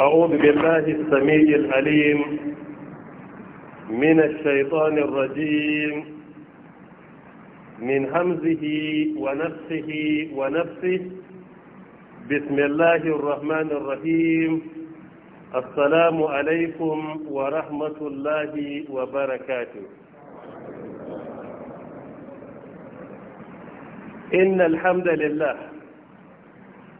أعوذ بالله السميع العليم من الشيطان الرجيم من همزه ونفسه ونفسه بسم الله الرحمن الرحيم السلام عليكم ورحمة الله وبركاته إن الحمد لله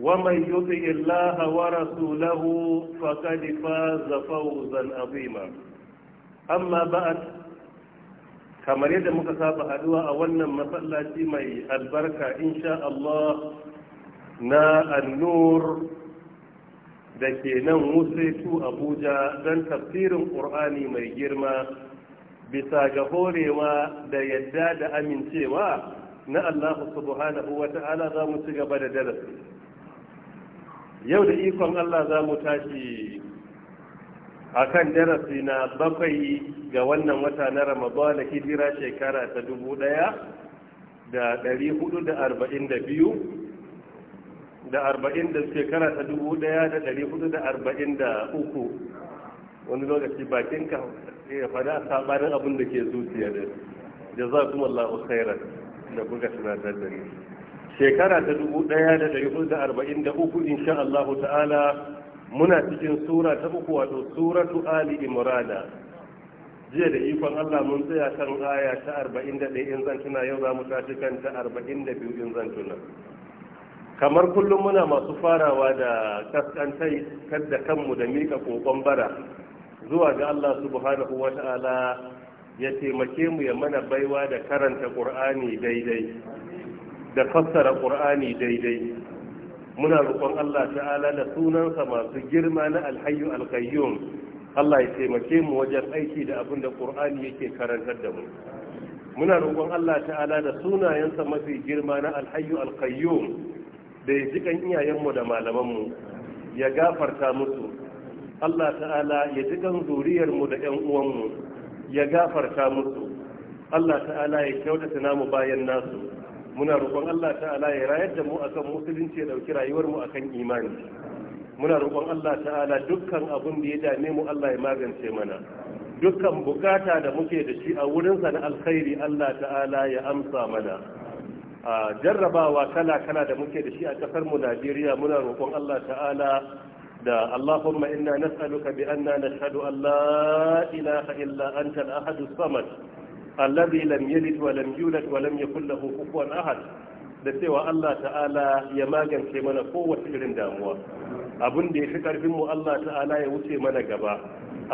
ومن يطع الله ورسوله فقد فاز فوزا عظيما أما بعد kamar yadda muka saba haduwa a wannan masallaci mai albarka insha Allah na annur da ke nan musaitu abuja don tafsirin ƙur'ani mai girma bisa ga horewa da yadda da amincewa na allahu subhanahu wa ta'ala za mu ci gaba da darasi yau da ikon Allah za mu tashi a kan darasi na bakwai ga wannan wata na ramadana hijira shekara ta dubu ɗaya da ɗari hudu da arba'in da biyu da arba'in da shekara ta dubu ɗaya da ɗari hudu da arba'in da uku wani lokaci bakin ka ya fada sabarin abin da ke zuciya da jazakumullahu khairan da kuka tunatar da ni shekara ta dubu da da dari hudu arba'in uku, insha Allah ta'ala muna cikin sura ta uku wato suratu ali imrana jiya da ikon Allah mun tsaya kan aya ta arba'in da ɗaya in zan tuna yau za mu tashi kan ta arba'in da biyu in zan tuna kamar kullum muna masu farawa da kaskantai kadda kanmu da mika kokon bara zuwa ga Allah subhanahu wa ta'ala ya taimake mu ya mana baiwa da karanta Qur'ani daidai da fassara ƙur'ani daidai muna roƙon Allah ta'ala da sunansa masu girma na alhayu alkayyum Allah ya taimake mu wajen aiki da abin da ƙur'ani yake karantar da mu muna roƙon Allah ta'ala da sunayensa mafi girma na alhayu alkayyum da ya ji iyayenmu da malamanmu ya gafarta musu Allah ta'ala ya ji kan zuriyarmu da 'yan uwanmu ya gafarta musu Allah ta'ala ya kyautata namu bayan nasu muna roƙon Allah ta'ala ya rayar da mu akan musulunci ya ɗauki rayuwar mu akan imani muna roƙon Allah ta'ala dukkan abin da ya dame mu Allah ya magance mana dukkan bukata da muke da shi a wurinsa na alkhairi Allah ta'ala ya amsa mana a jarrabawa kala kala da muke da shi a kasar mu Najeriya muna roƙon Allah ta'ala da Allahumma inna nas'aluka bi anna nashhadu an la ilaha illa anta al-ahad samad allazi lam yalid wa lam yulad wa lam yakul lahu kufuwan ahad da cewa Allah ta'ala ya magance mana kowace irin damuwa abin da ya fi karfin mu Allah ta'ala ya wuce mana gaba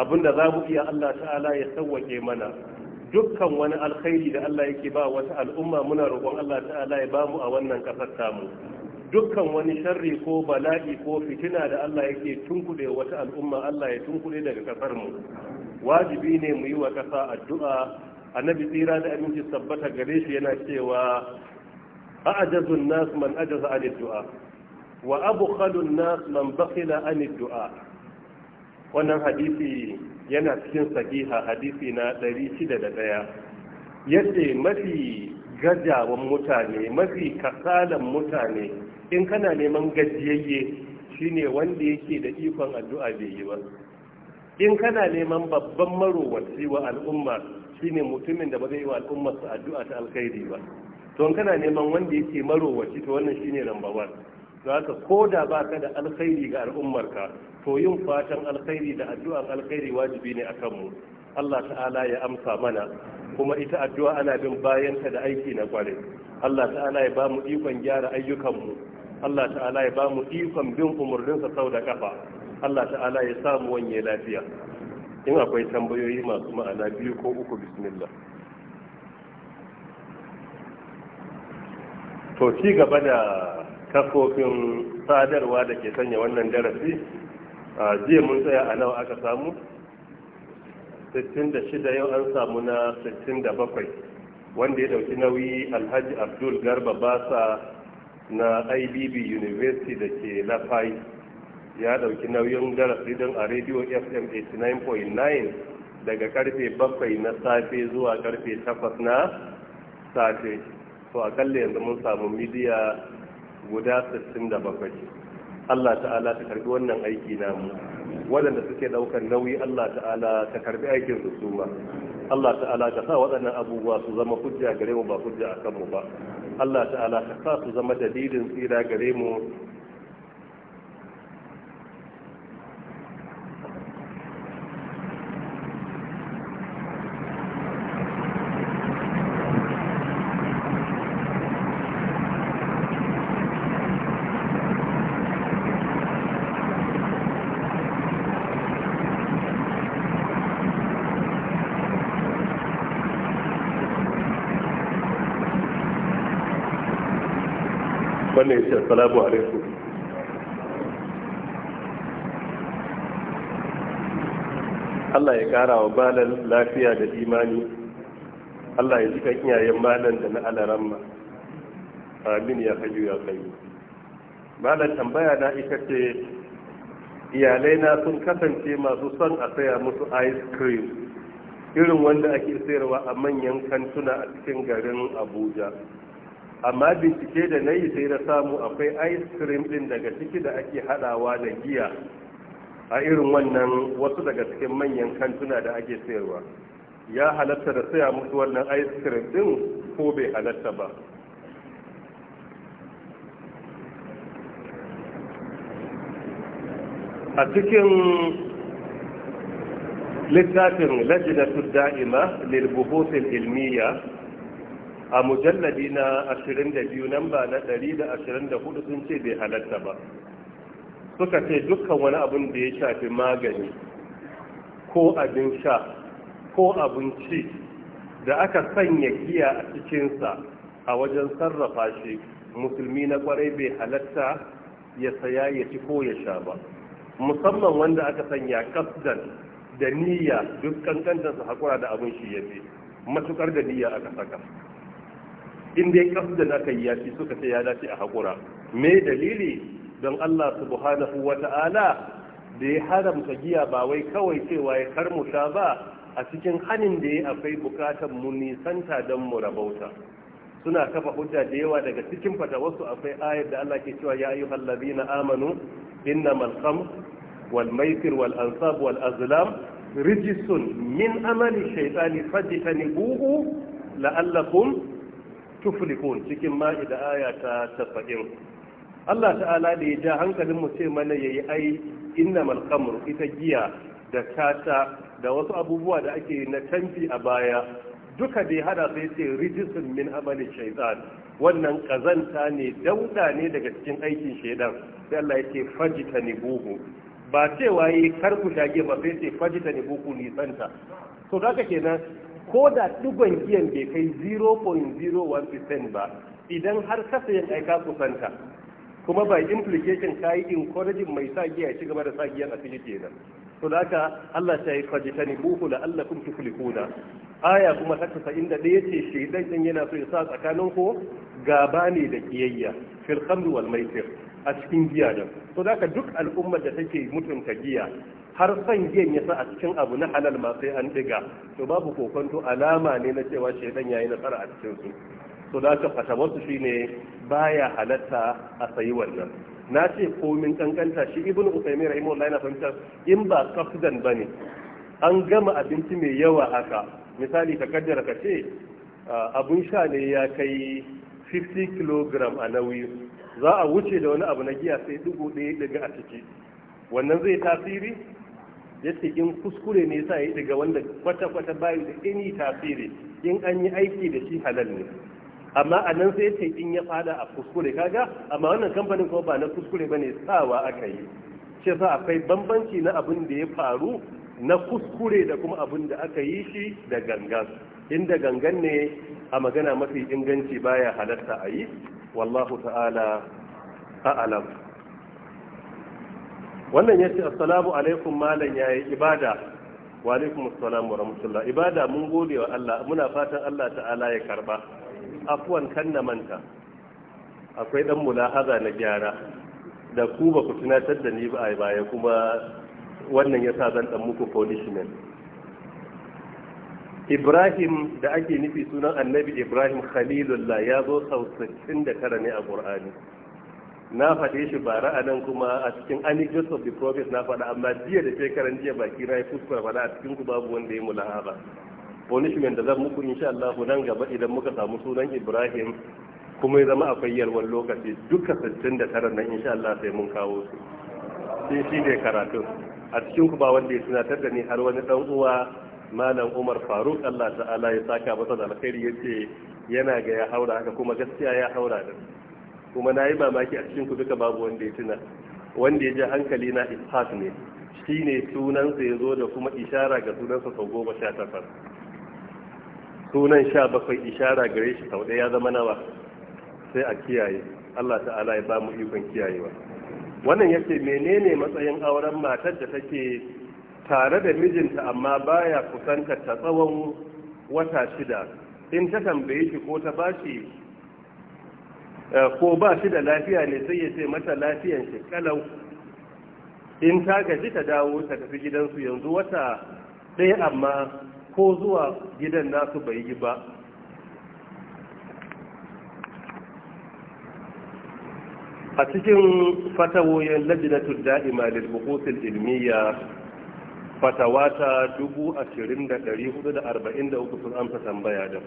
abin da za mu iya Allah ta'ala ya sauwake mana dukkan wani alkhairi da Allah yake ba wata al'umma muna roƙon Allah ta'ala ya bamu a wannan ƙasar tamu dukkan wani sharri ko bala'i ko fitina da Allah yake tunkuɗe wata al'umma Allah ya tunkuɗe daga ƙasar mu wajibi ne mu yi wa ƙasa addu'a annabi tsira da aminci tabbata gare shi yana cewa a'jazun nas man ajaza an du'a wa abu khalun nas man bakhila an du'a wannan hadisi yana cikin sahiha hadisi na 601 yace mafi gajawan mutane mafi kasalan mutane in kana neman gajiyayye shine wanda yake da ikon addu'a bai yi ba in kana neman babban marowaci wa al'umma shine mutumin da ba zai yi wa al'ummar addu'a ta alkhairi ba to kana neman wanda yake marowaci to wannan shine number 1 za ka ko da ba ka da alkhairi ga al'ummarka to yin fatan alkhairi da addu'ar alkhairi wajibi ne akan mu Allah ta'ala ya amsa mana kuma ita addu'a ana bin bayanta da aiki na kware Allah ta'ala ya ba mu ikon gyara ayyukanmu Allah ta'ala ya ba mu ikon bin umarninsa sau da kafa Allah ta'ala ya samu wanye lafiya in akwai tambayoyi masu ma'ana biyu ko uku bismillah to ci gaba da kafofin sadarwa da ke sanya wannan darasi a jiya mun tsaya a nawa aka samu 66 yau an samu na 67 wanda ya dauki nauyi alhaji abdul garba basa na ibb university da ke Lafayi. ya ɗauki nauyin darasidin a radio fm 89.9 daga karfe 7 na safe zuwa karfe 8 na safe to a akalla yanzu mun samu midiya guda 67 Allah ta'ala ta karbi wannan aiki namu waɗanda suke ɗaukar nauyi Allah ta'ala ta karbi aikin su su ba Allah ta'ala ka sa waɗannan abubuwa su zama hujja gare mu ba hujja a kanmu ba Allah ta'ala ka sa su zama dalilin tsira gare mu assalamu alaikum Allah ya kara wa balan lafiya da imani Allah ya cika iyayen malan da na alaramma amin ya hayu ya kayu malan tambaya na ita ce iyalai na sun kasance masu son a saya musu ice cream irin wanda ake sayarwa a manyan kantuna a cikin garin abuja amma bincike da na yi sai na samu akwai ice cream din daga ciki da ake hadawa da giya a irin wannan wasu daga cikin manyan kantuna da ake sayarwa ya halatta da saya musu wannan ice cream din ko bai halatta ba a cikin littafin lajinatu da'ima lilbuhutul ilmiya a mujalladi na 22 namba na 124 sun ce bai halatta ba suka ce dukkan wani abin da ya shafi magani ko abin sha ko abinci da aka sanya giya a cikinsa a wajen sarrafa shi musulmi na kwarai bai halatta ya saya ya ci ko ya sha ba musamman wanda aka sanya kasdan da niyya duk kankantarsa hakura da abin shi ya matukar da niyya aka saka in dai kasdan aka yi yafi suka ce ya dace a haƙura me dalili don Allah subhanahu wa ta'ala da ya haramta giya ba wai kawai cewa ya karmuta ba a cikin hanin da ya akwai bukatar mu nisanta don mu rabauta suna kafa hujja da yawa daga cikin fatawarsu akwai ayar da Allah ke cewa ya ayyuhal ladina amanu innamal khamr wal maisir wal ansab wal azlam rijisun min amali shaytani fajtanibuhu la'allakum tuflihun cikin ma'ida aya ta Allah ta'ala da ya ja hankalin mu ce mana yayi ai innamal khamru ita giya da tata da wasu abubuwa da ake na canfi a baya duka dai, hada sai ce rijisun min amalin shaitan wannan kazanta ne dauda ne daga cikin aikin shaidan. sai Allah yake fajita ni buhu ba cewa yi kar shage ba sai ce fajita ni buhu nisanta to da kenan ko da digon giyan bai kai 0.01% ba idan har kasa yin aika kusanta kuma by implication ka yi encouraging mai sa giya ya ci gaba da sa giyan a fili kenan to da haka Allah ta yi fajitani buhu la Allah kun tuflihuna aya kuma ta kasa inda ɗaya ce shaidan ɗin yana so ya sa tsakanin ko gaba ne da kiyayya fil khamr wal maisir a cikin giya to da haka duk al'ummar da take mutunta giya har son giyan ya sa a cikin abu na halal ma sai an diga to babu kokonto alama ne na cewa shaidan yayi nasara a cikin su to da ka fata wasu shine baya halatta a sayi wannan na ce komin kankanta shi ibnu usaymin rahimahullahi na fahimta in ba kafdan bane an gama abinci mai yawa haka misali ka kaddara ka ce abun sha ne ya kai 50 kg a nauyi za a wuce da wani abu na giya sai dubu ɗaya daga a ciki wannan zai tasiri yace in kuskure ne sa ya daga wanda kwata-kwata bayi da any tasiri in an yi aiki da shi halal ne amma a nan sai yace in ya fada a kuskure kaga amma wannan kamfanin kuma ba na kuskure ba bane sawa aka yi shi yasa akwai bambanci na abin da ya faru na kuskure da kuma abin da aka yi shi da gangan inda gangan ne a magana mafi inganci baya halatta a yi wallahu ta'ala a'alam. wannan yace assalamu alaikum malam yayi ibada wa alaikum assalam wa rahmatullah ibada mun gode wa Allah muna fatan Allah ta'ala ya karba afwan kan na manta akwai dan mulahaza na gyara da ku ba ku tunatar da ni ba a baya kuma wannan yasa zan dan muku punishment Ibrahim da ake nufi sunan Annabi Ibrahim Khalilullah ya zo sau 69 ne a ƙur'ani. na faɗe shi bara a kuma a cikin anecdotes of the prophets na faɗa amma jiya da shekaran jiya baki na ya fuskura faɗa a cikin ku babu wanda ya mu ba punishment da zan muku insha Allah nan gaba idan muka samu sunan Ibrahim kuma ya zama akwai yalwar lokaci duka 69 nan insha Allah sai mun kawo su sai shi ne karatu a cikin ku ba wanda ya tunatar da ni har wani dan uwa malam Umar Faruk Allah ta'ala ya saka masa da alkhairi yace yana ga ya haura haka kuma gaskiya ya haura da kuma na yi mamaki a cikin ku duka babu wanda ya tuna wanda ya ji hankali na ishaq ne shi ne sunansa ya zo da kuma ishara ga sunansa sau goma sha takwas sunan sha bakwai ishara gare shi sau ɗaya ya zama nawa sai a kiyaye Allah ta'ala ya ba mu ikon kiyayewa wannan yake menene matsayin auren matar da take tare da mijinta amma baya kusantar ta tsawon wata shida in ta tambaye shi ko ta bashi Eh, ko ba shi da lafiya ne sai ya ce mata lafiyan shi kalau in ta gaji ta dawo ta tafi gidansu yanzu wata ɗaya amma ko zuwa gidan nasu bai yi ba a cikin fatawoyin lajinatun da'ima da bukutun ilmiya fatawa ta 20443 sun amsa tambaya da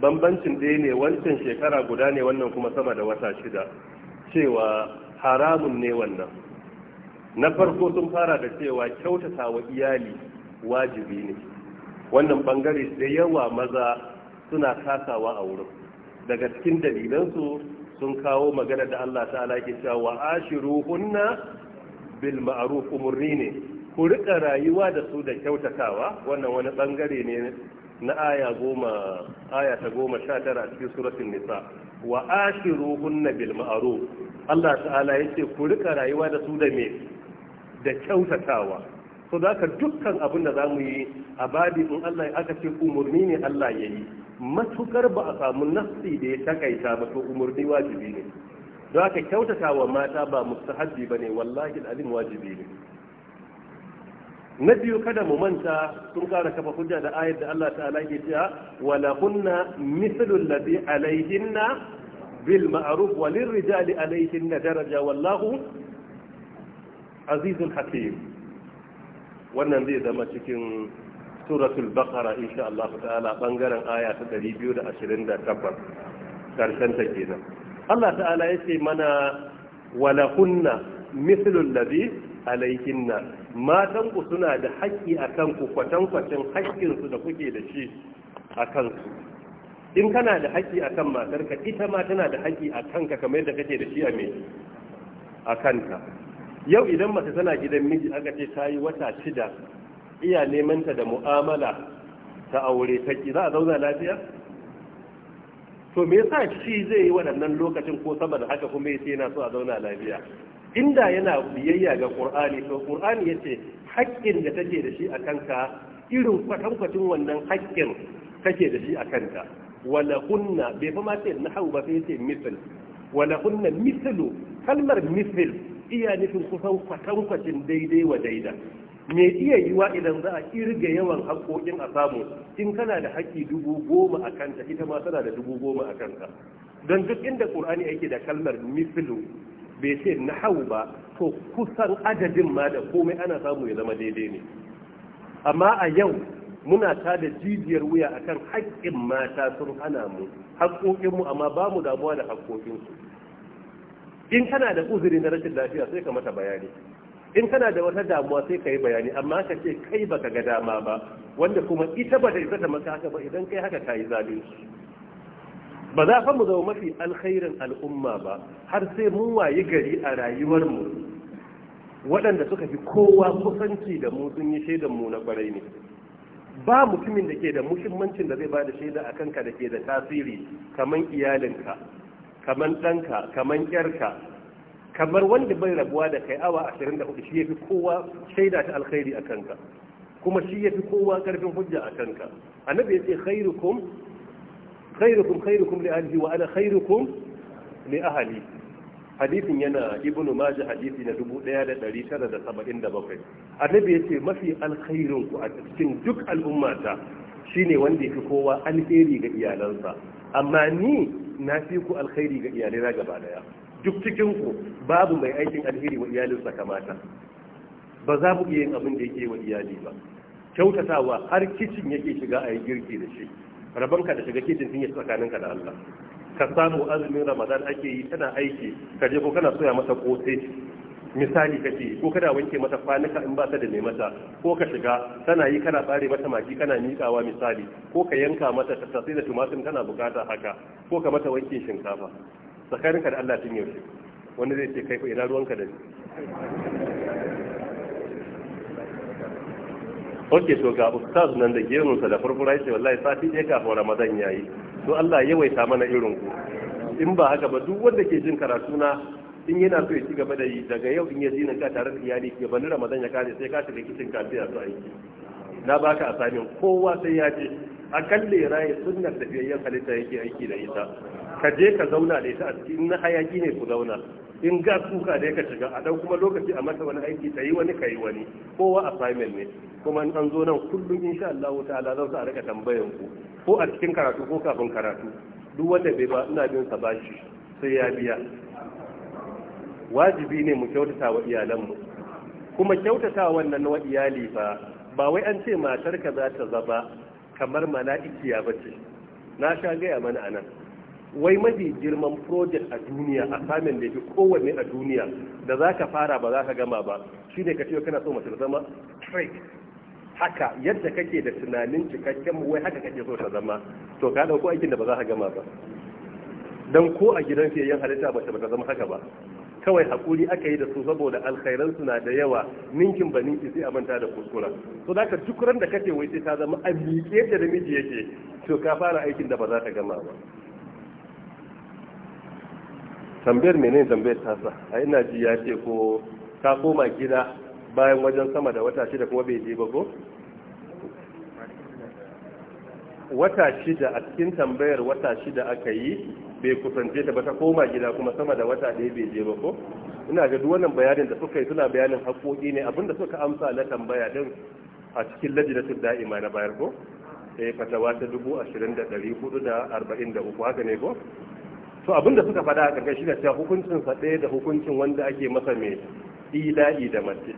bambancin ɗaya ne wancan shekara guda ne wannan kuma sama da wata shida cewa haramun ne wannan na farko sun fara da cewa kyautata wa iyali wajibi ne wannan bangare da yawa maza suna kasawa a wurin daga cikin dalilansu sun kawo magana da Allah ta'ala ke cewa wa hunna bil ma'ruf umurni ne ku rika rayuwa da su da kyautatawa wannan wani bangare ne na aya goma aya ta goma sha tara a cikin suratun nisa wa ashiruhunna bil ma'ruf Allah ta'ala yace ku rika rayuwa da su da me da kyautatawa so da dukkan abin da zamu yi a babi in Allah ya aka ce umurni ne Allah ya yi matukar ba a samu nafsi da ya takaita ba to umurni wajibi ne don haka kyautatawa mata ba mustahabbi ne, wallahi alim wajibi ne na biyu kada mu manta sun kara kafa hujja da ayar da Allah ta'ala ke cewa wala kunna mithlu alladhi alayhinna bil ma'ruf wa rijali alayhinna daraja wallahu azizul hakim wannan zai zama cikin suratul baqara insha Allah ta'ala bangaren aya ta 228 karshen ta kenan Allah ta'ala yace mana wala kunna mithlu alladhi alayhinna matanku suna da haƙƙi a kanku kwatankwacin haƙƙinsu da kuke da shi a kansu in kana da haƙƙi a kan matarka ita ma tana da haƙƙi a kanka kamar yadda kake da shi a mai a kanka yau idan mace tana gidan miji aka ce ta yi wata shida iya nemanta da mu'amala ta aure ta ki za a zauna lafiya to me yasa shi zai yi waɗannan lokacin ko saboda haka kuma yace yana so a zauna lafiya inda yana biyayya ga qur'ani to qur'ani yace haƙƙin da take da shi a kanka irin kwatankwacin wannan haƙƙin kake da shi a kanka wala kunna bai fa ma ce hau ba sai ce misal wala kunna misalu kalmar misal iya nufin kusan kwatankwacin daidai wa daida me iya yiwa idan za a kirga yawan haƙƙoƙin a samu in kana da haƙƙi dubu goma a kanta ita ma tana da dubu goma a kanta don duk inda ƙur'ani yake da kalmar misilu. bai ce na hau ba to kusan adadin ma da komai ana samu ya zama daidai ne amma a yau muna ta da jijiyar wuya akan haƙƙin mata sun hana mu haƙƙoƙinmu amma ba mu damuwa da haƙƙoƙinsu in kana da uzuri na rashin lafiya sai ka mata bayani in kana da wata damuwa sai ka yi bayani amma ka ce kai baka ga dama ba wanda kuma ita ba da isa ta maka haka ba idan kai haka ka yi zalunci ba za fa mu zama mafi alkhairin al'umma ba har sai mun waye gari a rayuwarmu waɗanda suka fi kowa kusanci da mu sun yi shaidan mu na kwarai ne ba mutumin da ke da muhimmancin da zai ba da shaida a kanka da ke da tasiri kamar iyalinka kamar ɗanka kamar ƴarka kamar wanda bai rabuwa da kai awa 24 shi ya fi kowa shaida ta alkhairi a kanka kuma shi ya fi kowa ƙarfin hujja a kanka annabi ya ce khairukum khairukum khairukum li ahlihi wa ana khairukum li ahli hadisin yana ibnu majah hadisi na 1977 annabi yace mafi alkhairun ku a cikin duk al'ummata shine wanda yake kowa alheri ga iyalansa amma ni na fi ku alkhairi ga na gaba daya duk cikin ku babu mai aikin alheri wa iyalinsa kamata ba za mu iya yin abin da yake wa iyali ba kyautatawa har kicin yake shiga a yi girki da shi rabanka da shiga kitin sun yi ka da Allah ka samu azumin ramadan ake yi tana aiki ka je ko kana soya mata kosai misali ka ce, ko kana wanke mata kwanuka in ba ta da mai mata ko ka shiga tana yi kana bare mata maki kana miƙawa misali ko ka yanka mata tattasai da tumatir tana bukata haka ko ka mata wankin shinkafa tsakaninka da Allah tun yaushe wani zai ce kai ko ina ruwanka da ni ok to ga ustaz nan da sa da furfura ya ce wallahi sati ɗaya kafin ramadan ya yi to allah yawaita mana irin ku in ba haka ba duk wanda ke jin karatu na in yana so ya ci gaba da yi daga yau in ya ji ka tare da iyali ke bani ramadan ya kare sai ka shiga kicin kafi a su aiki na baka a kowa sai ya je a kan lera ya da tafiyayyen halitta yake aiki da ita ka je ka zauna da ita a cikin hayaki ne ku zauna in ga kuka da ka shiga a dan kuma lokaci a mata wani aiki ta yi wani ka yi wani kowa a assignment ne kuma an zo nan kullum insha Allah ta'ala za su a rika tambayan ku ko a cikin karatu ko kafin karatu duk wanda bai ba ina bin sa bashi sai ya biya wajibi ne mu kyautata wa mu kuma kyautata wannan wa iyali fa ba wai an ce matar ka za ta zaba kamar mala'ikiya bace na sha gaya mana anan wai mafi girman project a duniya a samun da fi kowanne a duniya da za ka fara ba za ka gama ba shi ne ka ce kana so mace zama straight haka yadda kake da tunanin cikakken wai haka kake so ta zama to ka dauko aikin da ba za ka gama ba dan ko a gidan yan halitta ba ta zama haka ba kawai hakuri aka yi da su saboda alkhairan suna da yawa ninkin ba ninki sai a manta da kuskura to da duk ran da kake wai sai ta zama a miƙe da namiji yake to ka fara aikin da ba za ka gama ba tambayar menene tambayar tasa a ina ji ya ce ko ka koma gida bayan wajen sama da wata shida kuma bai je ba ko wata shida a cikin tambayar wata shida aka yi bai kusance ta ba ta koma gida kuma sama da wata ɗaya bai je ba ko ina ga duk wannan bayanin da suka yi suna bayanin haƙoƙi ne abinda suka amsa na tambaya din a cikin lajinatul da'ima na bayar ko sai eh, fatawa ta dubu ashirin da da da hudu arba'in uku, haka ne ko to abinda suka faɗa a ƙarƙashi da cewa hukuncin sa ɗaya da hukuncin wanda ake masa mai ila'i da mace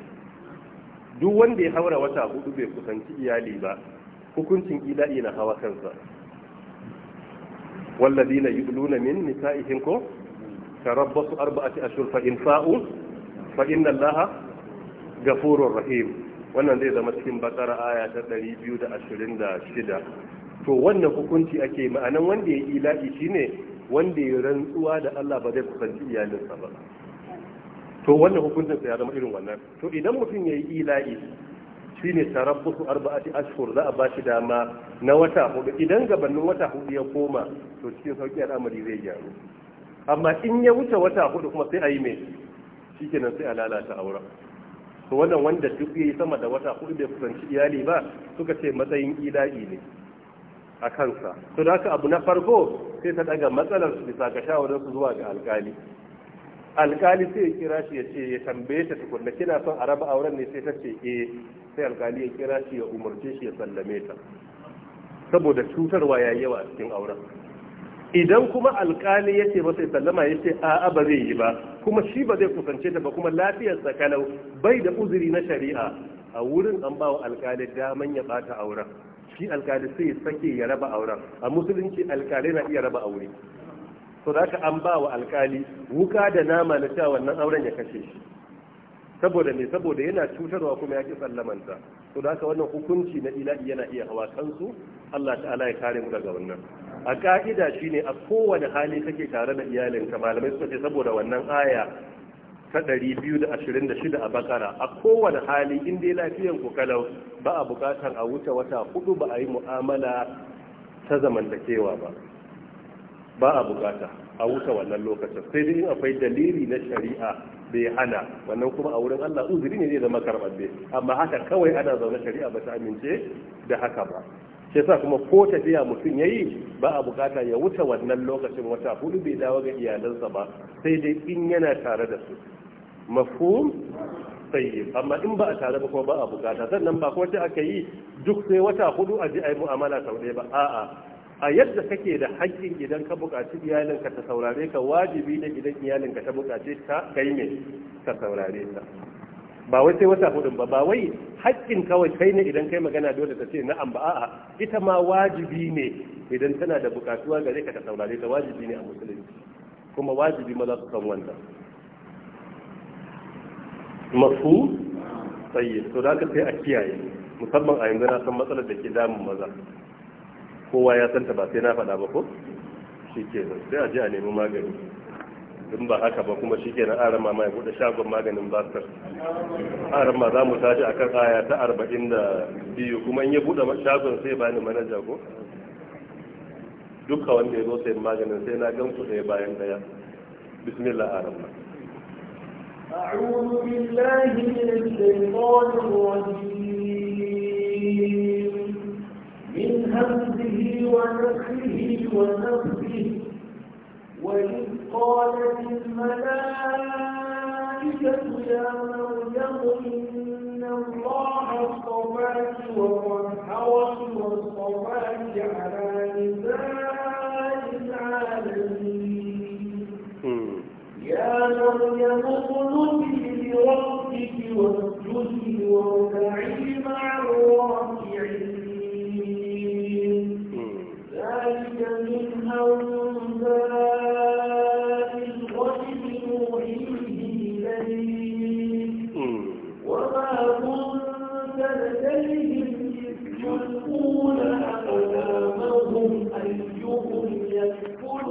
duk wanda ya haura wata hudu bai kusanci iyali ba hukuncin ila'i na hawa kansa والذين يؤلون من نسائهم كو تربصوا fa in fa'u fa فإن الله غفور rahim wannan zai zama cikin bakara aya ta 226 to wannan hukunci ake ma'anan wanda ya ila'i shine wanda ya rantsuwa da Allah ba zai kusanci iyalinsa ba to wannan hukuncin sai ya zama irin wannan to idan mutum yayi ila'i shine tarabbusu arba'ati ashhur za a ba shi dama na wata hudu idan gabanin wata hudu ya koma to cikin sauki al'amari zai gyaru amma in ya wuce wata hudu kuma sai a yi mai shikenan sai a lalata auren to wannan wanda duk yayi sama da wata hudu bai kusanci iyali ba suka ce matsayin ila'i ne a kansa to da abu na farko sai ta daga matsalar su bisa ga shawarar su zuwa ga alkali alkali sai ya kira shi ya ce ya tambaye ta tukunna kina son a raba auren ne sai ta ce eh sai alkali ya kira shi ya umarce shi ya sallame ta saboda cutarwa ya yawa a cikin auren idan kuma alkali ya ce masa sallama ya ce a'a ba zai yi ba kuma shi ba zai kusance ta ba kuma lafiyar kalau bai da uzuri na shari'a a wurin an bawa alkali daman ya bata auren shi alkali sai sake ya raba auren a musulunci alkali na iya raba aure so da an ba wa alkali wuka da nama na cewa wannan auren ya kashe shi saboda me saboda yana cutarwa kuma ya ki tsallamanta, so da wannan hukunci na ila'i yana iya hawa kansu Allah ta'ala ya kare mu daga wannan a ka'ida shine a kowane hali kake tare da iyalinka malamai suka ce saboda wannan aya ta 226 a bakara a kowane hali in dai lafiyan ku ba a bukatar a wuce wata hudu ba a yi mu'amala ta zamantakewa ba ba a bukata a wuce wannan lokacin sai dai in akwai dalili na shari'a bai ana, hana wannan kuma a wurin Allah uzuri ne zai zama karbabbe amma haka kawai ana zaune shari'a ba ta amince da haka ba sai sa kuma ko tafiya mutum ya yi, ba a bukata ya wuce wannan lokacin wata hudu bai dawo ga iyalansa ba sai dai in yana tare da su mafhum tayyib amma in ba a tare ba kuma ba a bukata sannan ba ko sai aka yi duk sai wata hudu a ji ai mu'amala sau ɗaya ba a'a a yadda kake da haƙƙin idan ka buƙaci iyalinka ta saurare ka wajibi ne idan iyalinka ta buƙace ta kai ne ka saurare ta ba wai sai wata hudun ba ba wai haƙƙin kawai kai ne idan kai magana dole ta ce na'am ba a'a ita ma wajibi ne idan tana da buƙatuwa gare ka ta saurare ta wajibi ne a musulunci kuma wajibi maza su san wannan mafu tsaye to da aka sai a kiyaye musamman a yanzu na san matsalar da ke damun maza kowa ya santa ba sai na faɗa ba ko shi ke nan sai a ji a nemi magani in ba haka ba kuma shi ke nan aran ma mai buɗe shagon maganin basar. aran ma za mu tashi a kan aya ta arba'in da biyu kuma in ya buɗe shagon sai ba ni manaja ko duka wanda ya zo sai maganin sai na gamsu ɗaya bayan ɗaya bismillah aran ma أعوذ بالله من الشيطان الرجيم من همزه ونفخه ونفخه وإذ قالت الملائكة يا مريم إن الله اصطفاك ورحمك واصطفاك على نساء يا مريم اقنتي لربك واسجدي واركعي مع الراكعين ذلك من انباء الغيب نوحيه اليك وما كنت لديهم اذ يلقون اقلامهم ايهم يكفل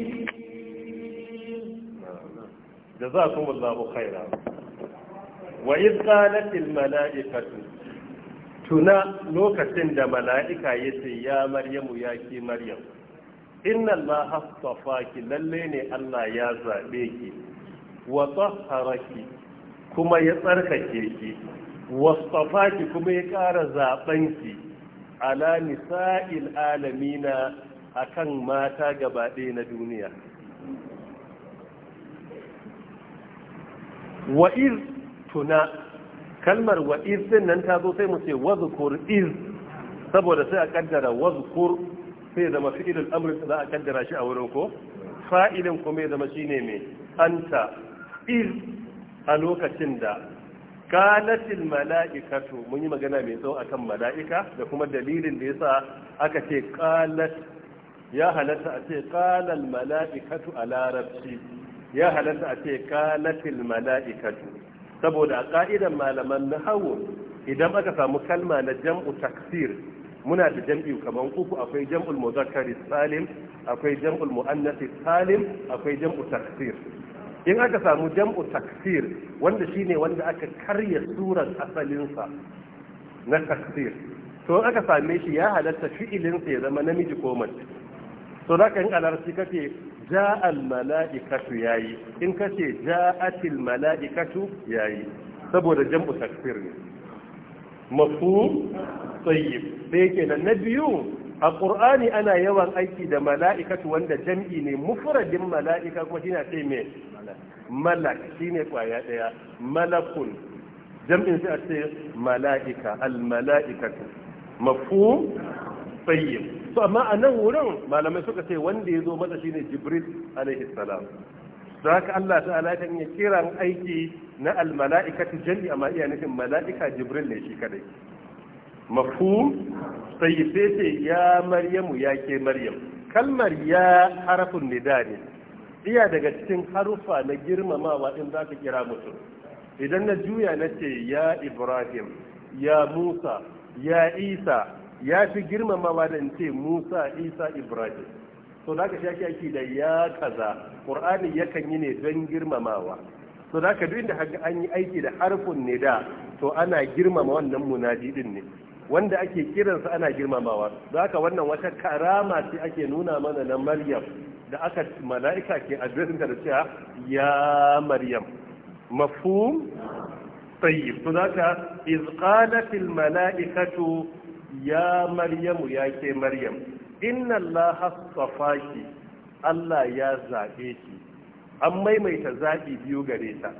jazakumullahu khaira wa iz qalatil mala'ikatu tuna lokacin da mala'ika yace ya maryamu ya ki maryam inna allaha ki lallai ne Allah ya zaɓe ki wa tahharaki kuma ya tsarkake ki wastafaki kuma ya ƙara zaɓen ki ala nisa'il a kan mata gaba ɗaya na duniya Wa'iz iz tuna kalmar wa'iz din nan ta zo sai mu ce wazkur iz saboda sai a kaddara wazkur sai zama fi'ilul amr da a kaddara shi a wurin ko fa'ilin kuma ya zama shine me anta iz a lokacin da kalatil mala'ikatu mun yi magana mai tsawo akan mala'ika da kuma dalilin da yasa aka ce kalat ya halatta a ce kalal mala'ikatu a larabci ya halatta a ce kalatil mala'ikatu saboda a ka'idan malaman nahawu idan aka samu kalma na jam'u taksir muna da jam'i kamar uku akwai jam'ul muzakkari salim akwai jam'ul muannasi salim akwai jam'u taksir in aka samu jam'u taksir wanda shine wanda aka karya suran asalinsa na taksir to in aka same shi ya halatta fi'ilinsa ya zama namiji ko mace to zaka yin alarci kake ja'al mala'ikatu yayi in kace ja'atil mala'ikatu yayi saboda jam'u takfir ne mafhum tayyib sai da na biyu a qur'ani ana yawan aiki da mala'ikatu wanda jam'i ne mufradin mala'ika kuma shine sai me malak shine kwaya daya malakun jam'in sai a ce mala'ika al mala'ikatu mafhum tsayyib su amma a nan wurin malamai suka ce wanda ya zo shi ne jibril alaihi salam don haka Allah ta'ala kan ya kiran aiki na almala'ikatu jalli amma iya nufin mala'ika jibril ne shi kadai mafhum sai ce ya maryamu ya ke maryam kalmar ya harafin nida ne iya daga cikin harufa na girmamawa in za ka kira mutum idan na juya na ce ya ibrahim ya musa ya isa ya fi girmamawa da ce musa isa ibrahim so da ka shi ake da ya kaza ƙur'ani yakan yi ne don girmamawa so da ka duk da haka an yi aiki da harfin ne da to ana girmama wannan munadi din ne wanda ake kiransa ana girmamawa za ka wannan wata karama ce ake nuna mana na maryam da aka mala'ika ke ta da cewa ya maryam mafhum tayyib to za ka iz qalatil mala'ikatu ya maryamu ya ke maryam inna allaha safaki allah ya zabe ki an maimaita zaɓi biyu gare ta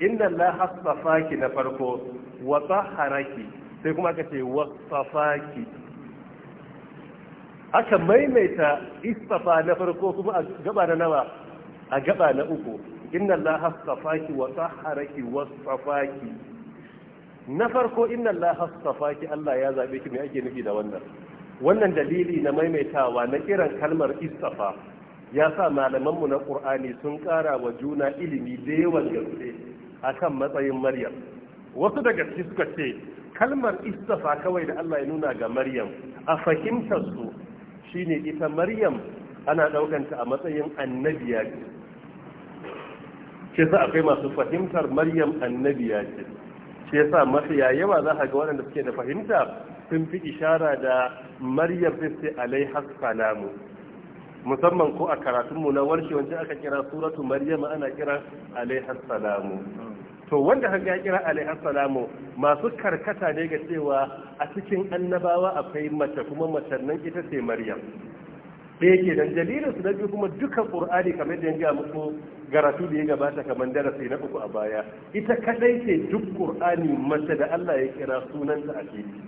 inna allaha safaki na farko wa taharaki sai kuma aka ce wa safaki aka maimaita istafa na farko kuma a gaba na nawa a gaba na uku inna allaha safaki wa taharaki wa safaki na farko inna Allah hastafa ki Allah ya zabe ki me ake nufi da wannan wannan dalili na maimaitawa na kiran kalmar istafa ya sa malaman mu na qur'ani sun kara wa juna ilimi da yawan gaske akan matsayin maryam wasu daga cikin suka ce kalmar istafa kawai da Allah ya nuna ga maryam a fahimtar su shine ita maryam ana ɗaukanta a matsayin annabiya ce sai akwai masu fahimtar maryam annabiya ce shi yasa mafiya yawa za a ga waɗanda suke da fahimta sun fi ishara da maryam sai alaiha salamu musamman ko a karatunmu na warshe wancan aka kira suratu maryam ana kira alaiha salamu to wanda ka ya kira alaiha salamu masu karkata ne ga cewa a cikin annabawa akwai mace kuma mace nan ita ce maryam da ke dan dalilin su na biyu kuma duka qur'ani kamar a yanga muku garatu da ya gabata kamar darasi na uku a baya ita kadai ce duk qur'ani mace da Allah ya kira sunanta a fili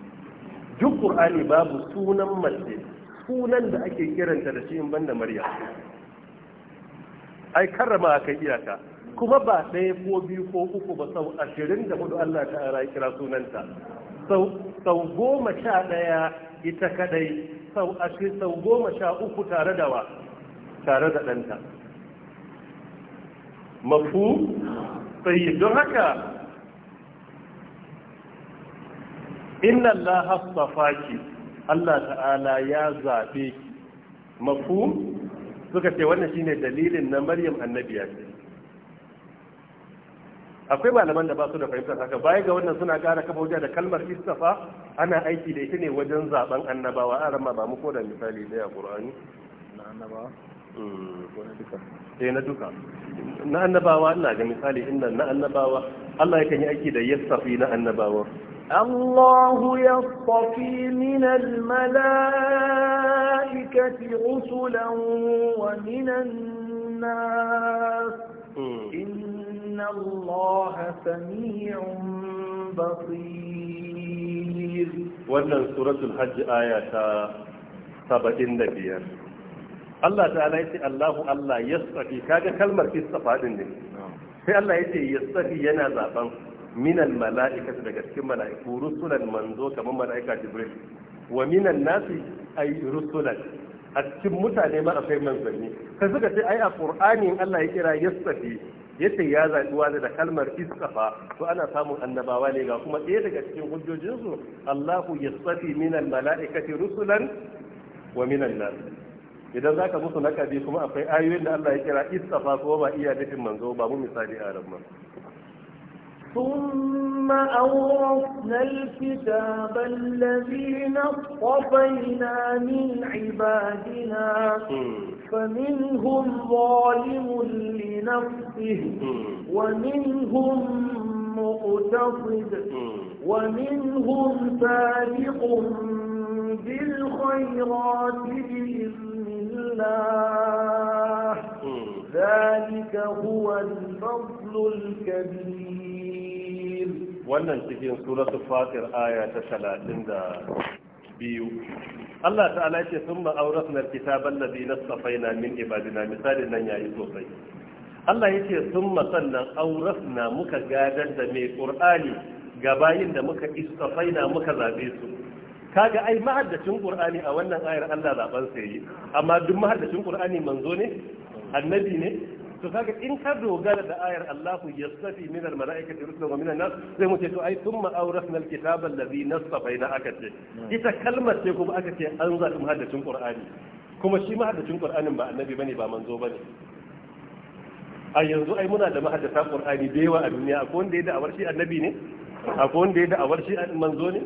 duk qur'ani babu sunan mace sunan da ake kiranta da shi in banda maryam ai karrama akan iyaka kuma ba ɗaya ko biyu ko uku ba sau ashirin da hudu Allah ta ara kira sunanta sau goma sha ɗaya ita kadai sau ashirin sau goma sha uku tare da wa tare da ɗanta mafu sai don haka inna Allah hastafaki Allah ta'ala ya zaɓe ki mafu suka ce wannan shine dalilin na Maryam annabiya ce akwai malaman da ba su da fahimtar haka baya ga wannan suna ƙara kafa wajen da kalmar istafa ana aiki da ita ne wajen zaben annabawa a ramma ba mu ko da misali daya qur'ani na annabawa hmm. eh na duka na annabawa ina ga misali inna na annabawa Allah yakan yi aiki da yassafi na annabawa الله يصطفي من الملائكة رسلا ومن الناس إن الله سميع بصير wannan suratul hajj aya ta biyar. Allah ta'ala yace Allahu Allah yastafi kaga kalmar istafa din ne sai Allah yace yastafi yana zaban minal mala'ikati daga cikin mala'iku rusulan manzo kamar mala'ika Jibril wa minan nasi ay rusulan a cikin mutane ma akwai manzanni sai suka ce ai a Qur'ani Allah ya kira yastafi yace ya zaɓi wani da kalmar istafa to ana samun annabawa ne ga kuma ɗaya daga cikin hujjojinsu Allahu tsafi minan mala'ikati rusulan wa minan nan idan zaka musu lakabi kuma akwai ayoyin da Allah ya kira istafa ko ba iya dafin manzo ba mu misali a ran ثم أورثنا الكتاب الذين اصطفينا من عبادنا فمنهم ظالم لنفسه ومنهم مقتصد ومنهم فارق بالخيرات بإذن الله ذلك هو الفضل الكبير wannan cikin suratul fatir aya ta talatin da biyu Allah ta'ala ce sun ma'auratun kitaban da na safaina min ibadina misalin nan yayi sosai Allah ya ce sun sannan auratuna muka gadar da mai ƙur'ani gabayin da muka istafaina muka zaɓe su kaga ai mahaddacin ƙur'ani a wannan ayar Allah zaɓen sai yi amma duk mahaddacin ƙur'ani manzo ne annabi ne to kaga in ka dogara da ayar Allahu yastafi min al mala'ikati rusulan wa min an nas sai mu ce to ai thumma awrasna al kitaba allazi nasafaina aka ce ita kalmar ce kuma aka ce an zaɓi mahaddacin qur'ani kuma shi mahaddacin qur'anin ba annabi bane ba manzo bane a yanzu ai muna da mahaddata qur'ani da yawa a duniya akwai wanda ya da'awar shi annabi ne akwai wanda ya da'awar shi manzo ne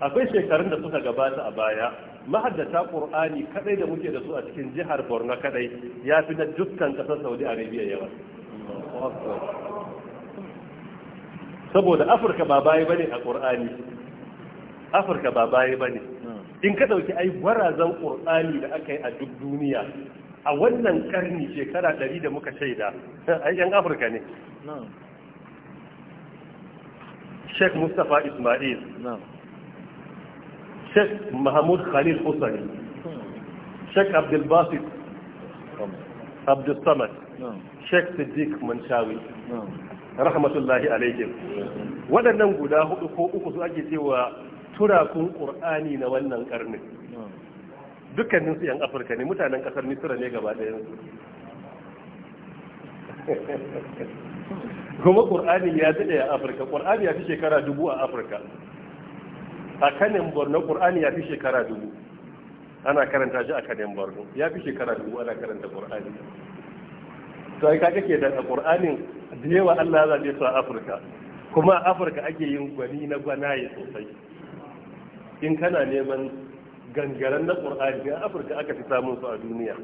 akwai shekarun da suka gabata a baya mahaddata qur'ani kadai da muke da su a cikin jihar borno kadai ya fi na dukkan kasar saudi arabia yawa saboda afirka ba baya bane a qur'ani afirka ba baya bane in ka dauki ai gwarazan qur'ani da aka yi a duk duniya a wannan karni shekara 100 da muka shaida ai yan afirka ne Sheikh Mustapha Ismail Sheikh Mahmud Khalil حسني Sheikh عبد الباسط عبد الصمد Sheikh صديق منشاوي رحمة الله waɗannan guda نقول ko uku su cewa turakun ƙur'ani na wannan ƙarni dukkanin su 'yan afirka ne mutanen ƙasar misira ne gaba kuma ƙur'ani ya daɗe a afirka ƙur'ani ya fi shekara dubu a afirka a kanin borno ƙur'ani ya fi shekara dubu ana karanta shi a kanin borno ya fi shekara dubu ana karanta ƙur'ani to ai kaga ke da ƙur'anin da yawa Allah ya zabe su a Afirka kuma a Afirka ake yin gwani na gwanaye sosai in kana neman gangaren na ƙur'ani a Afirka aka fi samun su a duniya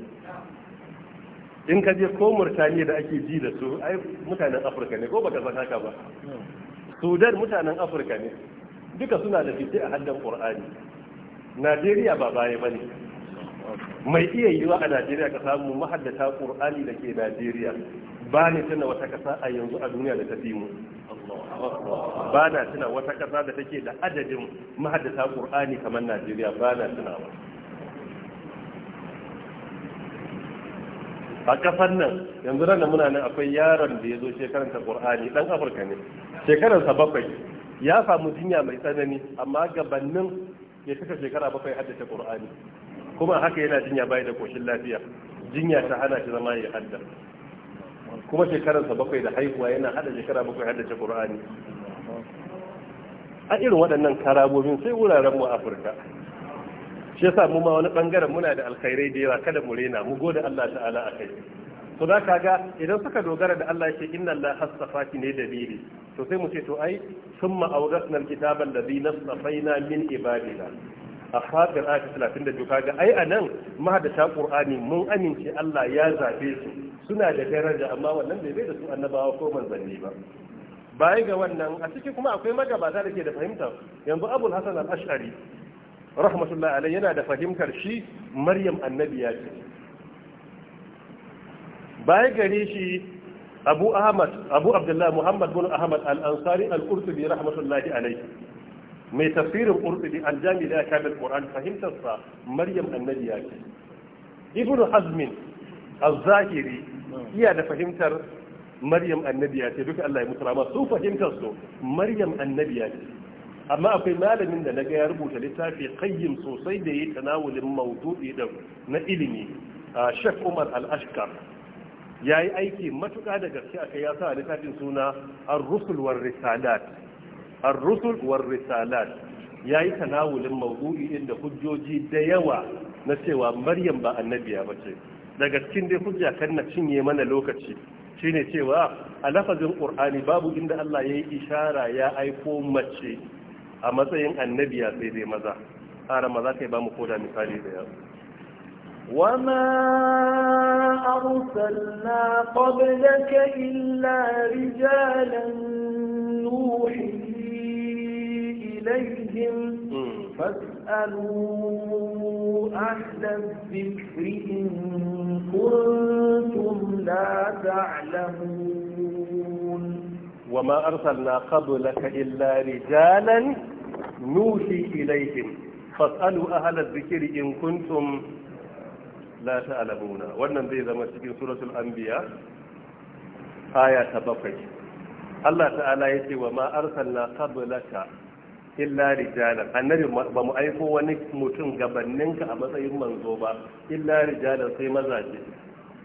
in ka je ko Murtaniya da ake ji da su ai mutanen Afirka ne ko baka san haka ba Sudan mutanen Afirka ne duka suna da fice a haddan ƙur'ani. najeriya ba baya ba ne mai iya yiwa a najeriya ka samu mahaddata ƙur'ani da ke najeriya ba ne tuna wata kasa a yanzu a duniya da ta fi mu ba na tuna wata kasa da take da adadin mahaddata ƙur'ani kamar najeriya ba na ba. a kafar nan yanzu nan muna nan akwai yaron da ya zo shekaranta ƙur'ani ɗan afirka ne shekararsa bakwai ya samu jinya mai tsanani amma gabanin ya cika shekara bakwai haddace qur'ani kuma haka yana jinya bayan da koshin lafiya jinya ta hana shi zama ya hadda kuma shekararsa bakwai da haihuwa yana hada shekara bakwai haddace qur'ani a irin waɗannan karabobin sai wuraren mu afirka shi yasa mu ma wani bangaren muna da alkhairai da yawa kada mu rena mu gode Allah ta'ala a kai. to za ka ga idan suka dogara da Allah shi inna Allah hasafa ki ne da biri to sai mu ce to ai sun summa awrasnal kitaba alladhi na min ibadina a fadar ayat 32 kaga ai nan mahadata qur'ani mun amince Allah ya zabe su suna da daraja amma wannan bai bai da su annabawa ko manzanni ba baya ga wannan a ciki kuma akwai magabata da ke da fahimta yanzu abul hasan al-ash'ari rahmatullahi alai yana da fahimtar shi maryam annabiya ce baya gare shi abu ahmad abu abdullahi muhammad bin ahmad al-ansari al-qurtubi rahmatullahi alayhi mai tafsirin qurtubi al-jami da kamil qur'an fahimtar sa maryam annabi ya ce ibnu hazm al zahiri iya da fahimtar maryam annabi ya ce duka Allah ya mutu ma su fahimtar su maryam annabi ya ce amma akwai malamin da naga ya rubuta littafi qayyim sosai da yi tanawulin mawdu'i din na ilimi Sheikh Umar Al-Ashkar ya yi aiki matuƙa da gaske kai ya sa a littafin suna an rusul war risalat an rusul risalat ya yi tanawulin mawdu'i inda hujjoji da yawa na cewa maryam ba annabiya ba ce daga cikin dai hujja kan na cinye mana lokaci shine cewa a lafazin qur'ani babu inda Allah ya yi ishara ya aiko mace a matsayin annabiya sai dai maza ara maza kai ba mu koda misali da yawa وما أرسلنا قبلك إلا رجالا نوحي إليهم فاسألوا أهل الذكر إن كنتم لا تعلمون وما أرسلنا قبلك إلا رجالا نوحي إليهم فاسألوا أهل الذكر إن كنتم la ta'lamuna wannan zai zama cikin suratul anbiya aya ta bakwai Allah ta'ala ya ce wa ma arsalna qablaka illa rijalan annabi ba mu aiko wani mutum gabanninka a matsayin manzo ba illa rijalan sai mazaje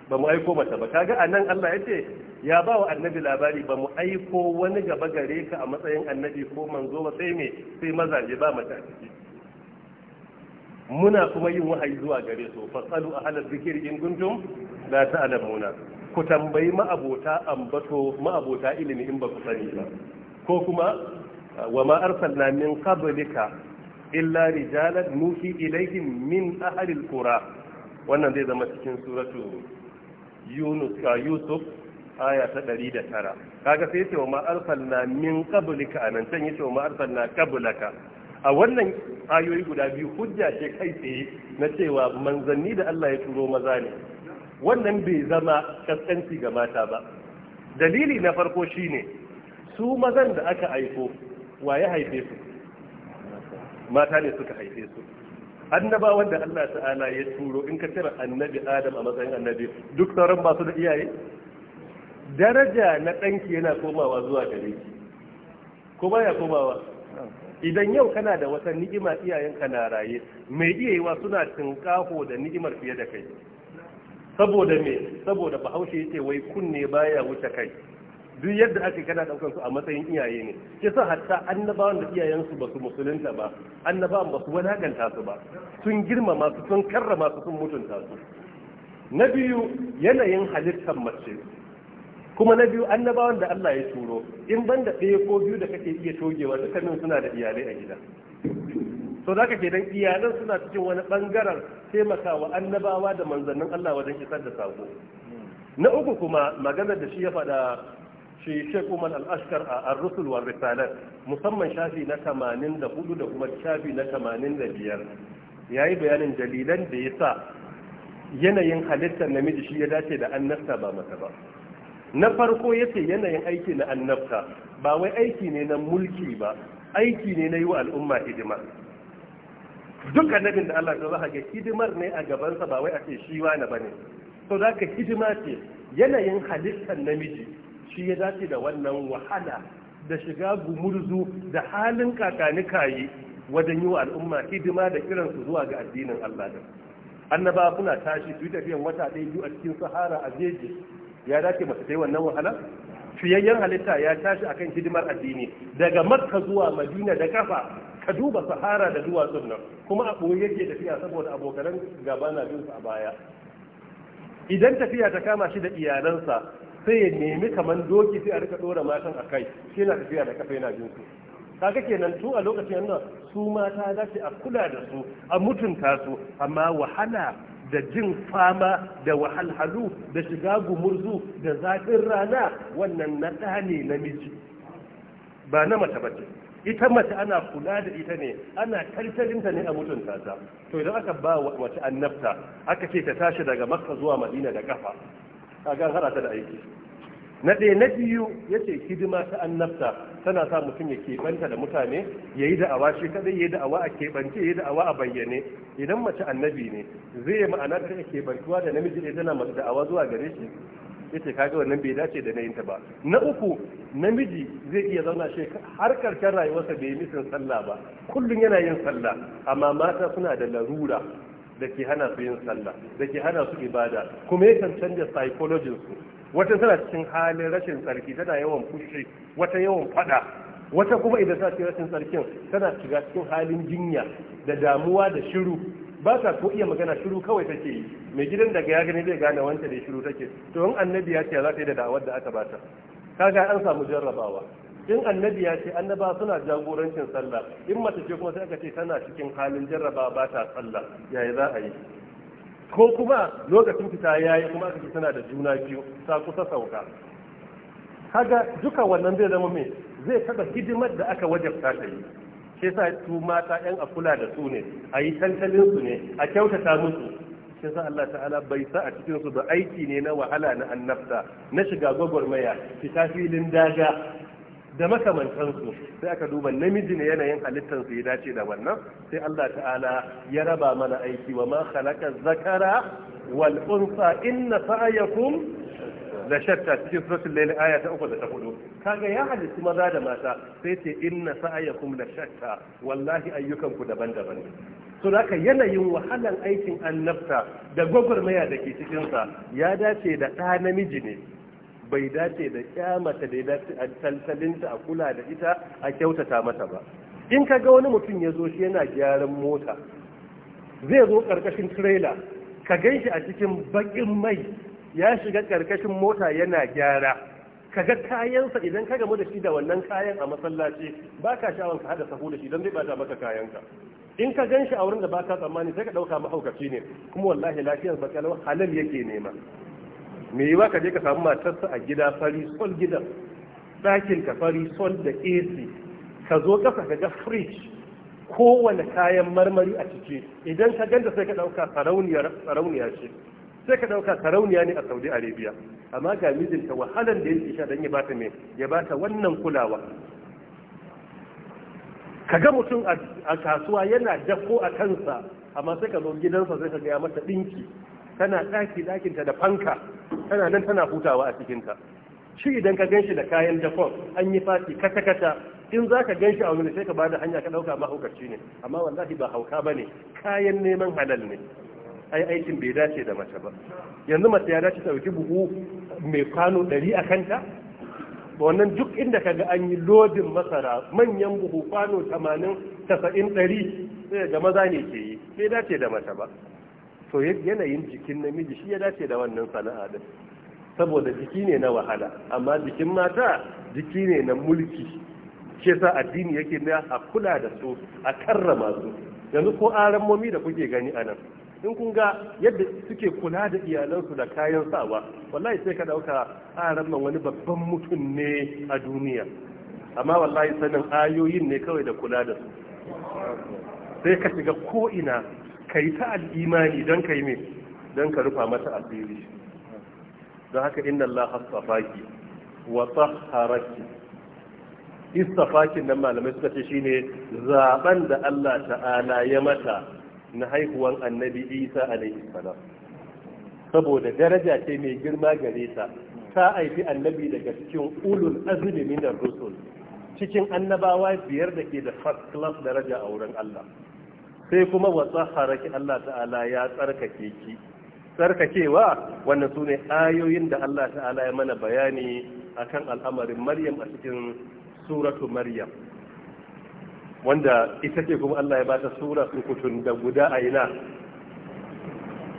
ba mu aiko mata ba kaga anan Allah ya ce ya ba wa annabi labari ba mu aiko wani gaba gare ka a matsayin annabi ko manzo ba sai me sai mazaje ba mata ciki muna kuma yin wahayi zuwa gare su fasalu halar zikir in kuntum la ta'lamuna ku tambayi ma'abota ambato ma'abota ilimi in ba ku sani ba ko kuma wa ma arsalna min qablika illa rijalan nuhi ilaihim min ahli alqura wannan zai zama cikin suratu yunus ka yusuf aya ta 109 kaga sai yace wa ma arsalna min qablika anan can yace wa ma arsalna qablaka a wannan ayoyi guda biyu hujja ce kai tsaye na cewa manzanni da Allah ya turo maza ne wannan bai zama kaskanci ga mata ba dalili na farko shine su mazan da aka aiko wa ya haife su mata ne suka haife su annabawan da Allah ta'ala ya turo in ka tara annabi Adam a matsayin annabi duk sauran ba su da iyaye daraja na danki yana komawa zuwa gare ki ko baya komawa idan yau kana da wata ni'ima iyayenka na raye mai iya iyayewa suna tinkaho da ni'imar fiye da kai saboda me saboda bahaushe yace wai kunne baya wuce kai duk yadda ake kana daukar su a matsayin iyaye ne kisa hatta annabawan da iyayensu basu musulunta ba annabawan basu walakanta su ba sun girmama su sun karrama su sun mutunta su na biyu yanayin halittar mace kuma na biyu annabawan da Allah ya turo in ban da ɗaya ko biyu da kake iya togewa dukkanin suna da iyalai a gida so za ka kenan iyalan suna cikin wani ɓangaren taimakawa annabawa da manzannin Allah wajen isar da sako na uku kuma maganar da shi ya faɗa shi Sheikh Umar a Ar-Rusul musamman shafi na 84 da kuma shafi na 85 yayi bayanin dalilan da ya sa yanayin halittar namiji shi ya dace da annabta ba mata ba na farko ya ce yanayin aiki na annabta ba wai aiki ne na mulki ba aiki ne na yi wa al'umma hidima duk annabin da Allah ya zaka ga hidimar ne a gabansa ba wai a ce shi wani bane to da ka hidima ce yanayin halittar namiji shi ya dace da wannan wahala da shiga gumurzu da halin kakanika yi wajen yi wa al'umma hidima da kiransu zuwa ga addinin Allah da annaba kuna tashi su yi tafiyan wata ɗaya biyu a cikin sahara a jeji ya dace mace ta yi wannan wahala fiyayyen halitta ya tashi akan hidimar addini daga makka zuwa madina da kafa ka duba sahara da duwatsun nan kuma a ɓoye yake tafiya saboda abokanan gaba na bin a baya idan tafiya ta kama shi da iyalansa sai ya nemi kaman doki sai a rika dora matan a kai shi na tafiya da kafa yana bin su kaga kenan tun a lokacin nan su mata dace a kula da su a mutunta su amma wahala da jin fama da wahalhalu da shiga gumurzu da zafin rana wannan na ne namiji ba na mace bace ita mace ana kula da ita ne ana kalkalinta ne a mutunta ta to idan aka ba wa mace annabta aka ce ta tashi daga makka zuwa madina da kafa kaga har ta da aiki na ɗaya na biyu ya ce hidima ta annabta tana sa mutum ya keɓanta da mutane ya yi da'awa shi kaɗai ya yi da'awa a keɓance ya yi da'awa a bayyane idan mace annabi ne zai yi ma'ana ta keɓantuwa da namiji ɗaya tana masu da'awa zuwa gare shi ya ce kaga wannan bai dace da ta ba na uku namiji zai iya zauna shi har karshen rayuwarsa bai yi misin sallah ba kullum yana yin sallah amma mata suna da larura da ke hana su yin sallah da ke hana su ibada kuma yakan canja psychologin su wata tana cikin halin rashin tsarki tana yawan fushi wata yawan fada wata kuma idan ta cikin rashin tsarkin tana shiga cikin halin jinya da damuwa da shiru ba ta ko iya magana shiru kawai take yi mai gidan daga ya gani zai gane wanta da shiru take to in annabi ya ce za ta yi da da'awar da aka ba bata kaga an samu jarrabawa in annabi ya ce annaba suna jagorancin sallah in mace ce kuma sai aka ce tana cikin halin jarrabawa ba ta sallah yayi za a yi ko kuma lokacin fita ya yi kuma aka ce tana da juna biyu ta kusa sauka kaga duka wannan zai zama mai zai taba hidimar da aka wajen ta yi shi yasa su mata yan akula da su ne a yi tantalin su ne a kyautata musu shi yasa Allah ta'ala bai sa a cikin su da aiki ne na wahala na annabta na shiga gwagwarmaya fita filin daga da makamantansu sai aka duba namiji ne yanayin halittansu ya dace da wannan sai Allah ta'ala ya raba mana aiki wa ma khalaqa zakara wal unsa inna sa'yakum la shatta cikin suratul layl aya ta 3 da ta 4 kaga ya halitta maza da mata sai ce inna sa'yakum la shatta wallahi ayyukanku daban-daban ne so haka yanayin wahalan aikin annabta da gwagwarmaya da ke cikinsa ya dace da ɗa namiji ne bai dace da kyamata da ya a tantalinta a kula da ita a kyautata mata ba in ka ga wani mutum ya zo shi yana gyaran mota zai zo karkashin tirela ka gan shi a cikin bakin mai ya shiga karkashin mota yana gyara ka ga kayansa idan ka gamu da shi da wannan kayan a masallaci ba ka sha'awar ka hada sahu da shi don zai bata maka kayanka in ka gan shi a wurin da ba ka tsammani sai ka ɗauka mahaukaci ne kuma wallahi lafiyar sa halal yake nema me yi ka je ka samu matarsa a gida fari sol gidan ɗakin ka fari sol da ac ka zo ƙasa ka ga fridge kowane kayan marmari a ciki idan ka ganta sai ka ɗauka sarauniya ce sai ka ɗauka sarauniya ne a saudi arabia amma ga mijinta wahalan da yake sha don ya bata mai ya bata wannan kulawa ka ga mutum a kasuwa yana dafko a kansa amma sai ka zo gidansa sai ka gaya mata ɗinki tana ɗaki ɗakinta da fanka tana nan tana hutawa a cikinta shi idan ka ganshi da kayan dafon an yi fati kata-kata in za ka ganshi a wani sai ka bada hanya ka ɗauka mahaukaci ne amma wallahi ba hauka ba ne kayan neman halal ne ai aikin bai dace da mace ba yanzu mace ya dace ɗauki buhu mai kwano ɗari a kanta wannan duk inda ka ga an yi lodin masara manyan buhu kwano tamanin tasa'in ɗari sai ga maza ne ke yi bai dace da mace ba to yanayin jikin namiji shi ya dace da wannan sana'a din saboda jiki ne na wahala amma jikin mata jiki ne na mulki shi yasa addini yake na a kula da su a karrama su yanzu ko aran momi da kuke gani anan in kun ga yadda suke kula da iyalansu da kayan sawa wallahi sai ka dauka aran man wani babban mutum ne a duniya amma wallahi sanin ayoyin ne kawai da kula da su sai ka shiga ko ina ka yi ta al'imani don ka yi mai don ka rufa mata asiri don haka inda Allah hastafaki wa haraki istafakin nan malamai suka ce ne zaben da Allah ta'ala ya mata na haihuwan annabi Isa alaihi salam saboda daraja ce mai girma gare ta ta haifi annabi daga cikin ulul azumi minar rusul cikin annabawa biyar da ke da first class daraja a wurin Allah sai kuma wa haraki Allah ta'ala ya tsarkake ki tsarkakewa wannan sune ayoyin da Allah ta'ala ya mana bayani akan al'amarin Maryam a cikin suratu Maryam wanda ita ce kuma Allah ya bata sura sukutun da guda a ina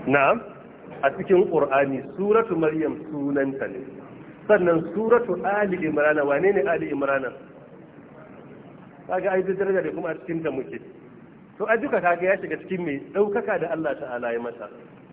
na a cikin ƙur'ani suratu Maryam sunanta ne sannan suratu Ali Imran wane ne Ali Imran kaga ai daraja da kuma a cikin ta muke to a duka kaga ya shiga cikin mai ɗaukaka da Allah ta'ala ya mata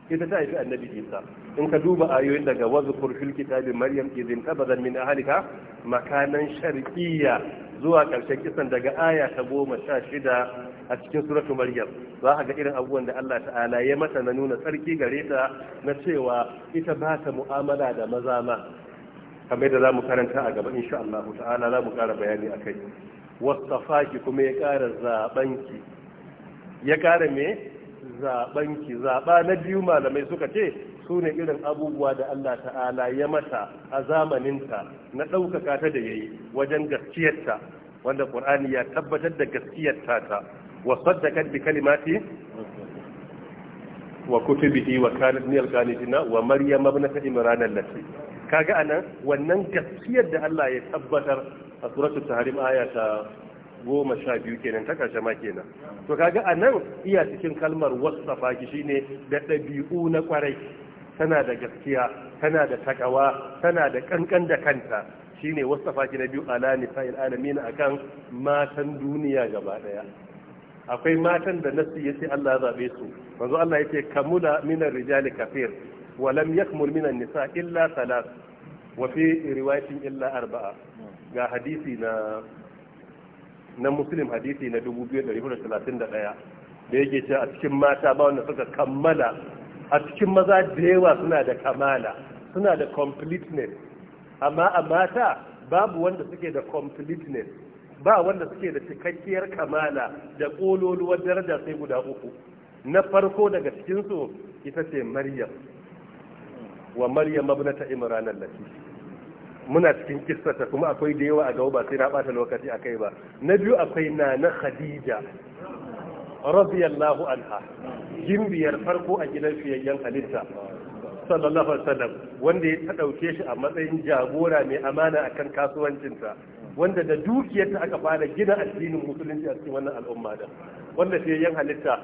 ita ta haifi annabi isa in ka duba ayoyin daga wazu kurfil kitabin maryam izin tabadan min ka? makanan sharqiyya zuwa karshen kisan daga aya ta goma shida a cikin suratu maryam za ka ga irin abubuwan da Allah ta'ala ya mata na nuna Sarki gare ta na cewa ita ba ta mu'amala da maza ma kamar da zamu karanta a gaba insha Allah ta'ala za mu kara bayani akai wasafaki kuma ya kara zabanki ya kare me zaɓanki zaɓa na biyu malamai suka ce su ne irin abubuwa da Allah ta'ala ya mata a zamaninta na ɗaukaka ta da yayi wajen gaskiyarta wanda Qur'ani ya tabbatar da gaskiyarta ta wa saddaqat bi kalimati wa kutubihi wa kanat min al wa maryam ibnat imran allati kaga anan wannan gaskiyar da Allah ya tabbatar a suratul tahrim aya ta goma sha biyu kenan ta karshe ma kenan to kaga a nan iya cikin kalmar wasafa ki ne da ɗabi'u na kwarai tana da gaskiya tana da takawa tana da ƙanƙan da kanta shi ne wasafa ki na biyu ala nisa'il alamin akan matan duniya gaba ɗaya, akwai matan da nasu ce Allah ya zaɓe su manzo Allah ya ka kamula minar rijali kafir walam lam yakmul minan nisa illa salas wa fi riwayatin illa arba'a ga hadisi na na muslim hadisi na 2,231 da yake cewa a cikin mata ba wanda suka kammala a cikin maza da yawa suna da kamala suna da completeness amma a mata babu wanda suke da completeness ba wanda suke da cikakkiyar kamala da ƙololuwar daraja sai guda uku na farko daga cikinsu ita ce maryam wa maryam mabnata imran Latifi. muna cikin kistata kuma akwai da yawa a gaba ba sai na bata lokaci akai ba na biyu akwai nana khadija radiyallahu anha gimbiyar farko a gidan fiyayyen halitta sallallahu alaihi wasallam wanda ya ta dauke shi a matsayin jagora mai amana akan kasuwancinta wanda da dukiyarta aka fara gina addinin musulunci a cikin wannan al'umma da wanda fiyayyen halitta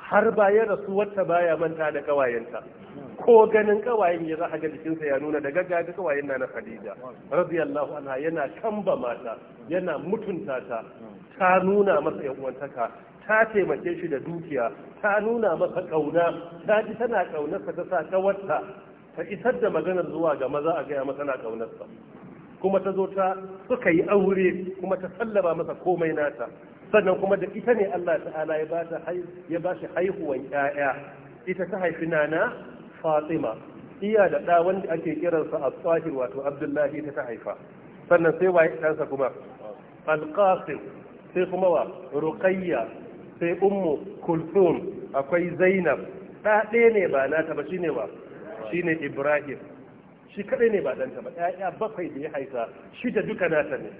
har bayan rasuwarta baya manta da kawayenta ko ganin ƙawayen ya za a ga jikinsa ya nuna da gaggaga kawai na na Khadija radiyallahu anha yana kamba mata yana mutunta ta ta nuna masa yawantaka ta taimake shi da dukiya ta nuna masa kauna ta ji tana kaunarsa ta sa kawarta ta isar da maganar zuwa ga maza a gaya masa na kaunarsa kuma ta zo ta suka yi aure kuma ta sallaba masa komai nata sannan kuma da ita ne Allah ta'ala ya ba shi haihuwan 'ya'ya. ita ta haifi nana fatima iya da ɗa wanda ake kiransa a tsahir wato abdullahi ta ta haifa sannan sai waye ɗansa kuma alƙasim sai kuma wa ruqayya sai ummu kulthum akwai zainab ɗa ɗaya ne ba nata ba shine wa shine ibrahim shi kaɗai ne ba ɗanta ba ƴaƴa bakwai da ya haifa shi da duka nata ne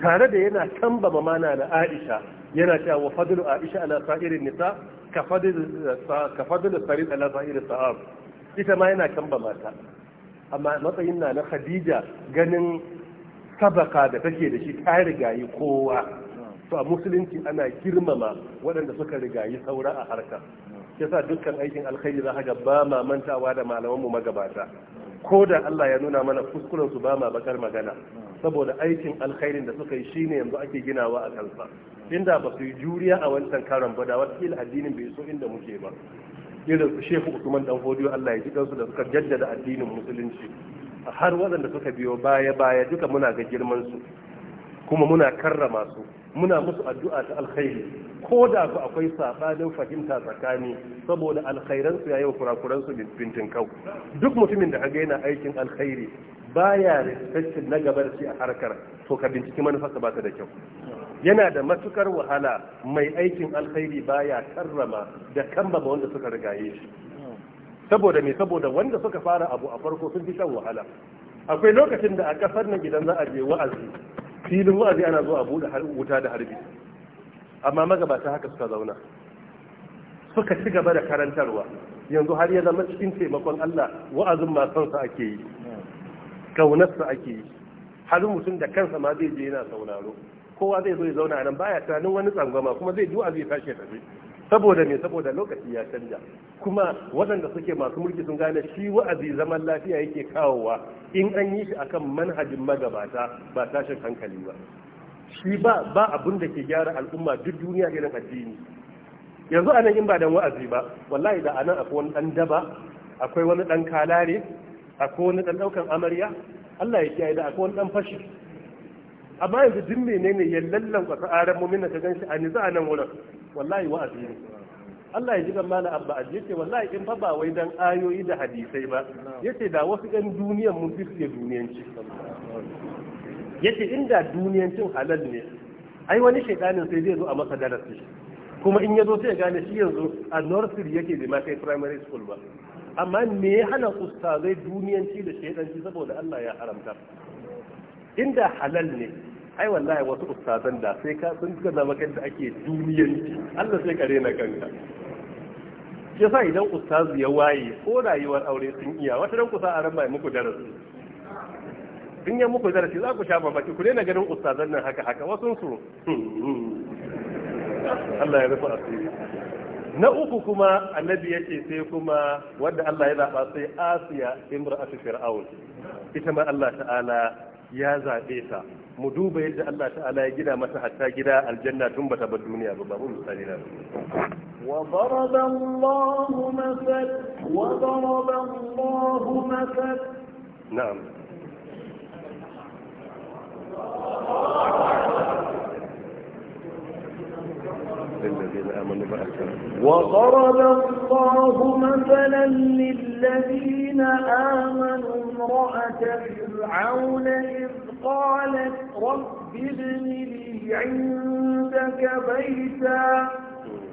tare da yana tambama mana na Aisha yana cewa wa fadlu Aisha ala sa'irin nisa Ka da sarid ala zahir sa'ab ita ma yana kan mata amma matsayin na na khadija ganin sabaka da take da shi ta rigayi kowa to a musulunci ana girmama waɗanda suka rigayi saura a harka yasa dukkan aikin alkhairi za ga ba ma mantawa da malamanmu magabata ko da Allah ya nuna mana kuskuren su ba ma bakar magana saboda aikin alkhairin da suka yi shine yanzu ake ginawa a kansa inda ba su yi juriya a wancan karan ba da wata addinin bai so inda muke ba irin su shehu usman dan hodiyo Allah ya ji kansu da suka jaddada addinin musulunci har waɗanda suka biyo baya baya duka muna ga girman su kuma muna karrama su muna musu addu'a ta alkhairi ko da ku akwai sabanin fahimta tsakani saboda alkhairan su yayin kurakuran su bintin kau duk mutumin da ga yana aikin alkhairi baya respectin na gaba shi a harkar to ka binciki manufarsa ba ta da kyau yana da matukar wahala mai aikin alkhairi baya karrama da kambama wanda suka rigaye shi saboda me saboda wanda suka fara abu a farko sun fi shan wahala akwai lokacin da a kasar nan gidan za a je wa'azi filin wa'azi ana zuwa a buɗe wuta da harbi amma magabata haka suka zauna suka ci gaba da karantarwa yanzu har ya zama cikin taimakon Allah wa'azin ma kansa ake yi kaunarsa ake yi har mutum da kansa ma zai je yana sauraro kowa zai zo ya zauna nan baya tunanin wani tsangwama kuma zai duwa zai tashi tafi saboda me saboda lokaci ya canja kuma waɗanda suke masu mulki sun gane shi wa'azi zaman lafiya yake kawowa in an yi shi akan manhajin magabata ba tashin hankali ba shi ba ba abun da ke gyara al'umma duk duniya irin addini yanzu anan in ba dan wa'azi ba wallahi da anan akwai wani dan daba akwai wani dan kalare akwai wani dan amarya Allah ya kiyaye da akwai wani ɗan fashi da jin mene ne ya lallan kwasa aran mu'mina ka ganshi a niza nan wurin wallahi wa'azi ne Allah ya ji kan mala abba aji yace wallahi in fa ba wai dan ayoyi da hadisai ba yace da wasu ɗan duniyan mun fiske duniyanci yace inda duniyancin halal ne ai wani shedanin sai zai zo a masa darasi kuma in ya zo sai ya gane shi yanzu a nursery yake da ma kai primary school ba amma me ya hana ustazai duniyanci da shaidanci saboda Allah ya haramta inda halal ne ai wallahi wasu ustazan da sai ka sun ga maka da ake duniyanci Allah sai ka rena kanka yasa idan ustazu ya waye ko rayuwar aure sun iya wata ran kusa a ran mai muku darasi in ya muku darasi za ku sha mamaki ku daina ganin ustazan nan haka haka wasu su hmm, hmm, hmm. Allah ya rufe asiri na uku kuma annabi yake sai kuma wanda Allah ya zaɓa sai Asiya imra'atu fir'aun ita ma Allah ta'ala ya zaɓe ta mu duba yadda Allah ta'ala ya gina mata hatta gida aljanna tun bata bar duniya ba babu misali na وضرب الله مثل وضرب الله مثل نعم للذين آمنوا وضرب الله مثلا للذين آمنوا امرأة فرعون إذ قالت رب ابن لي عندك بيتا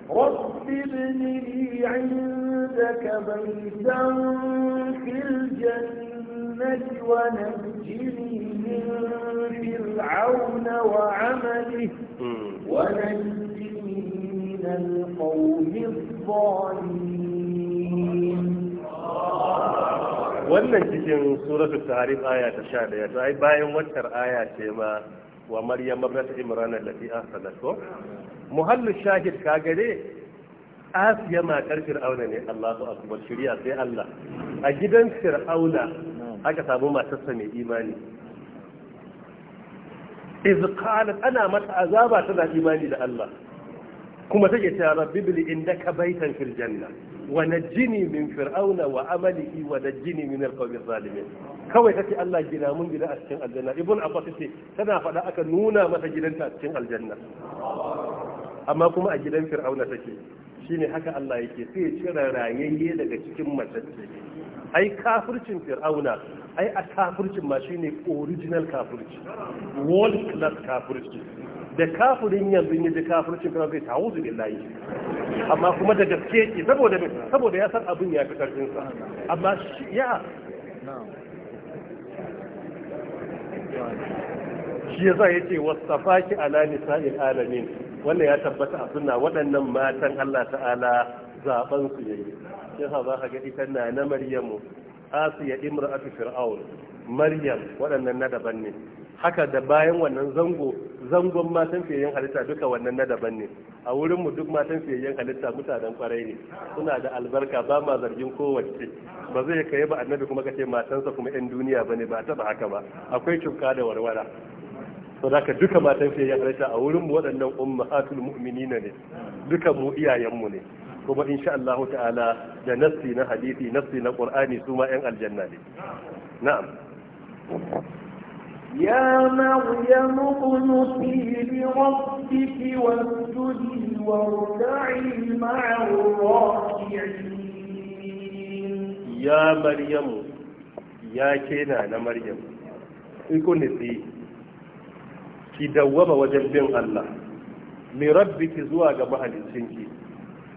رب ابن لي عندك بيتا في الجنة ونجني من فرعون وعمله hmm. ونجني من القوم الظالمين wannan cikin suratu tarif aya ta sha daya to ai bayan waccar aya ce ma wa maryam ibnat imran allati ahsanat ko muhallu shahid kaga dai asiya matar fir'auna ne allahu akbar shari'a sai allah a gidan fir'auna aka samu matarsa mai imani izqalat ana mata azaba tana imani da Allah kuma take cewa rabbi bil indaka baitan fil janna wa najjini min fir'auna wa amalihi wa najjini min alqawmi zalimin kawai tace Allah gina mun gida a cikin aljanna ibn abbas ce tana faɗa aka nuna mata gidanta a cikin aljanna amma kuma a gidan fir'auna take shine haka Allah yake sai ya cire rayayye daga cikin matacce ai kafircin fir'auna ai a kafircin ma shine original kafirci world class kafirci da kafirin yanzu ne da kafircin fir'auna zai tawo zubin layi amma kuma da gaske ke saboda saboda ya san abin ya fi karfin sa amma ya shi yasa yace wasafaki ala nisa'il alamin wannan ya tabbata a sunna waɗannan matan Allah ta'ala zaben su yayi yasa za ka ga ita na na maryamu asiya imra'atu fir'aun maryam waɗannan na daban ne haka da bayan wannan zango zangon matan fiyayyen halitta duka wannan na daban ne a wurinmu duk matan fiyayyen halitta mutanen kwarai ne suna da albarka ba ma zargin kowace ba zai kai ba annabi kuma kace matansa kuma yan duniya bane ba taba haka ba akwai cuka da warwara to ka duka matan fiyayyen halitta a wurinmu waɗannan ummahatul mu'minina ne duka mu iyayenmu ne kuma insha Allah ta'ala da nassi na hadisi nassi na qur'ani su ma yan aljanna ne na'am يا مريم اقنتي لربك واسجدي واركعي مع الراكعين يا مريم يا كينا انا مريم اقنتي ki dawwama wajen bin Allah mai rabbi ki zuwa ga mahaliccinki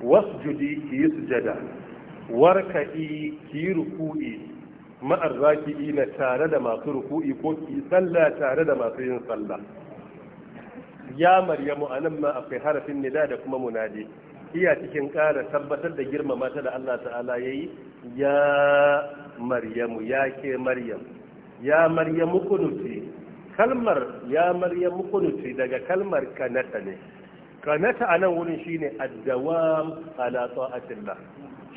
wasjudi ki yi sujada warka'i ki yi ruku'i ma'ar raki'i na tare da masu ruku'i ko ki sallah tare da masu yin sallah ya maryamu nan ma akwai harafin nida da kuma munadi iya cikin ƙara tabbatar da girmama ta da Allah ta'ala yayi ya maryamu ya ke maryam ya maryamu kunuti kalmar ya maryamu kunuti daga kalmar kanata ne qanata anan wurin shine ad-dawam ala ta'atillah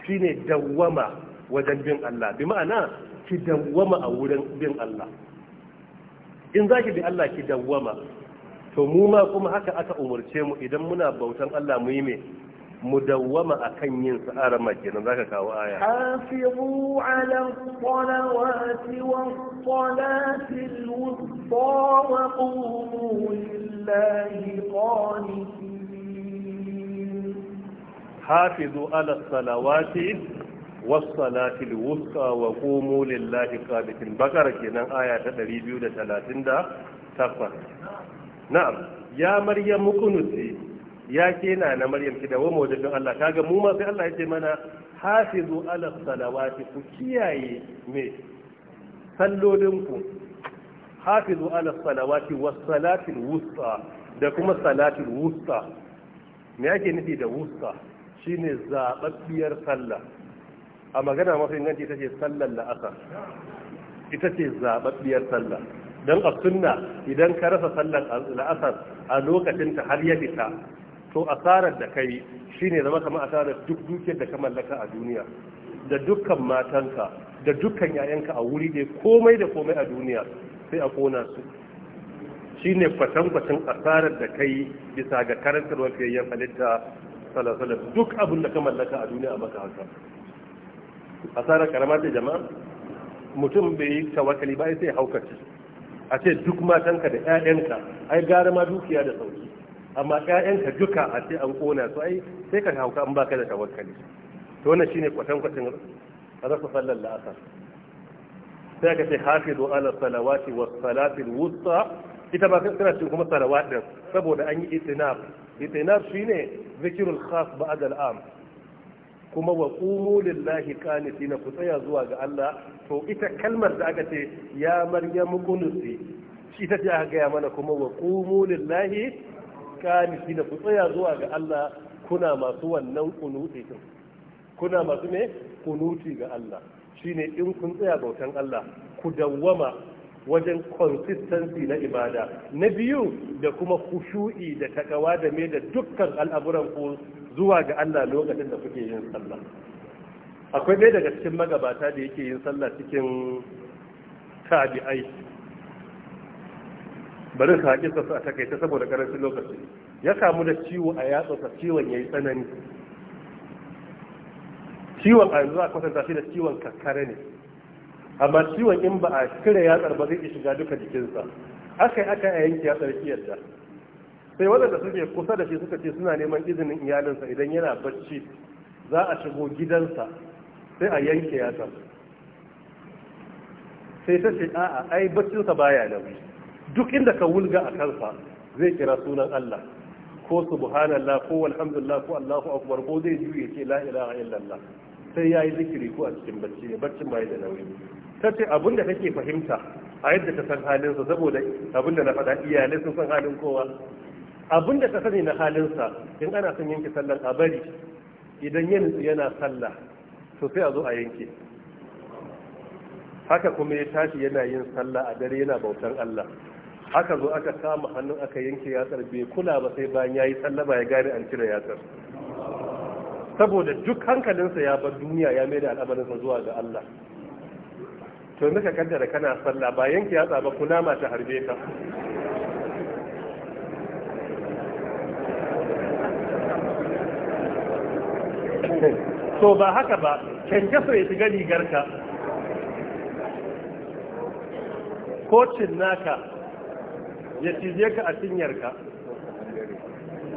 shine dawwama wajen bin Allah bi ma'ana ki dawwama a wurin bin Allah in za ki bi Allah ki dawwama to mu ma kuma haka aka umurce mu idan muna bautan Allah mu yi me مدومة أكن ينسأر مجينا ذاك كاو آية حافظوا على الصلوات والصلاة الوسطى وقوموا لله قانتين hafizu ala salawati was salati al wa qumu lillahi qanitin bakara kenan aya ta 238 na'am ya maryam kunuti ya kena na maryam ki da wamo dukkan Allah kaga mu ma sai Allah ya ce mana hafizu ala salawati ku kiyaye me ku hafizu ala salawati was salatil da kuma salati wusta me yake nufi da wusta Shi ne zaɓaɓɓiyar sallah a magana mafi inganci ita ce sallar la'asar ita ce zaɓaɓɓiyar sallah don a sunna idan ka rasa sallar la'asar a lokacinta har ya fita to asarar da kai shi ne zama kama asarar duk dukiyar da ka mallaka a duniya da dukkan matanka da dukkan yayanka a wuri ɗaya komai da komai a duniya sai a kona su Shi shine kwatankwacin asarar da kai bisa ga karantarwar yin halitta sallallahu duk abin da ka mallaka a duniya a maka haka asara karama da jama'a mutum bai yi tawakkali ba sai haukaci a ce duk matanka da yayanka ai gara ma dukiya da sauki amma 'ya'yanka duka a ce an kona su ai sai ka hauka an baka da tawakkali to wannan shine kwatan kwatin rasa sallar la'asar sai ka ce hafizu ala salawati was salatil wusta ita ba tana cikin kuma salawat din saboda an yi itinaf itinaf shine zikirul khas ba adal am kuma wa qumu lillahi qanitina ku tsaya zuwa ga Allah to ita kalmar da aka ce ya maryamu kunusi shi ta ce aka gaya mana kuma wa qumu lillahi qanitina ku tsaya zuwa ga Allah kuna masu wannan kunuti din kuna masu ne kunuti ga Allah shine in kun tsaya bautan Allah ku dawwama wajen consistency na ibada na biyu da kuma kushu'i da takawa da me da dukkan al'aburan ku zuwa ga Allah lokacin da kuke yin sallah akwai ɗaya daga cikin magabata da yake yin sallah cikin tabi'ai bari ka haƙi sa a takaita saboda ƙarancin lokaci ya kamu da ciwo a yatsa ciwon yayi tsanani ciwon a yanzu a kwatanta shi da ciwon kakkare ne amma ciwon in ba a kira yatsar ba zai shiga duka jikinsa aka yi aka a yanki yatsar kiyarta sai waɗanda suke kusa da shi suka ce suna neman izinin iyalinsa idan yana bacci za a shigo gidansa sai a yanke yatsar sai ta ce a'a ai baccinsa baya nauyi duk inda ka wulga a kansa zai kira sunan Allah ko subhanallah ko alhamdulillah ko Allahu akbar ko zai juye ce la ilaha illallah sai yayi zikiri ko a cikin bacci ne baccin bai da nauyi ta ce abin da take fahimta a yadda ta san halinsa saboda abin da na faɗa iyalai sun san halin kowa abin da ta sani na halinsa in ana son yanke sallar a bari idan ya yana sallah to a zo a yanke haka kuma ya tashi yana yin sallah a dare yana bautan Allah haka zo aka kama hannun aka yanke yatsar bai kula ba sai bayan yayi sallah ba ya gane an cire yatsar saboda duk hankalinsa ya bar duniya ya mai da al'amarinsa zuwa ga Allah to ka kaddara kana sallah ba yanki yatsa ba kunama ta harbe ka to ba haka ba kyankyaso ya shiga rigar ka, ko naka ya cije ka a ka,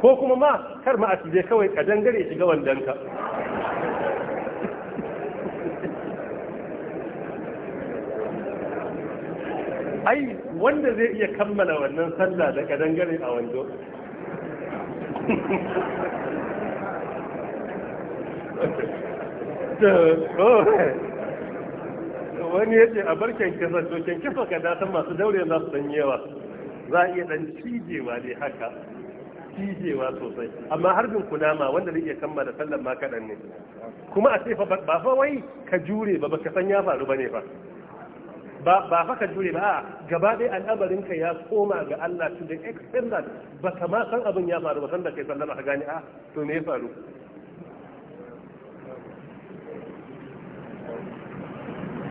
ko kuma ma kar ma a cije kawai ka dangare shiga wandonka ai wanda zai iya kammala wannan sallah da kadangare a wando oh. wani ya ce a bar kyankyasa to kyankyasa ka datan masu daure za su dan yawa za a iya dan cijewa ne haka cijewa sosai amma harbin kunama wanda zai iya kammala sallan ma kaɗan ne kuma a ce ba fa wai ka jure ba ba ka san ya faru ba ne ba ba ba haka jure ba gaba dai al'amarin ka ya koma ga Allah to the extent ba ka ma san abin ya faru ba san da kai sallama ka gani a to me ya faru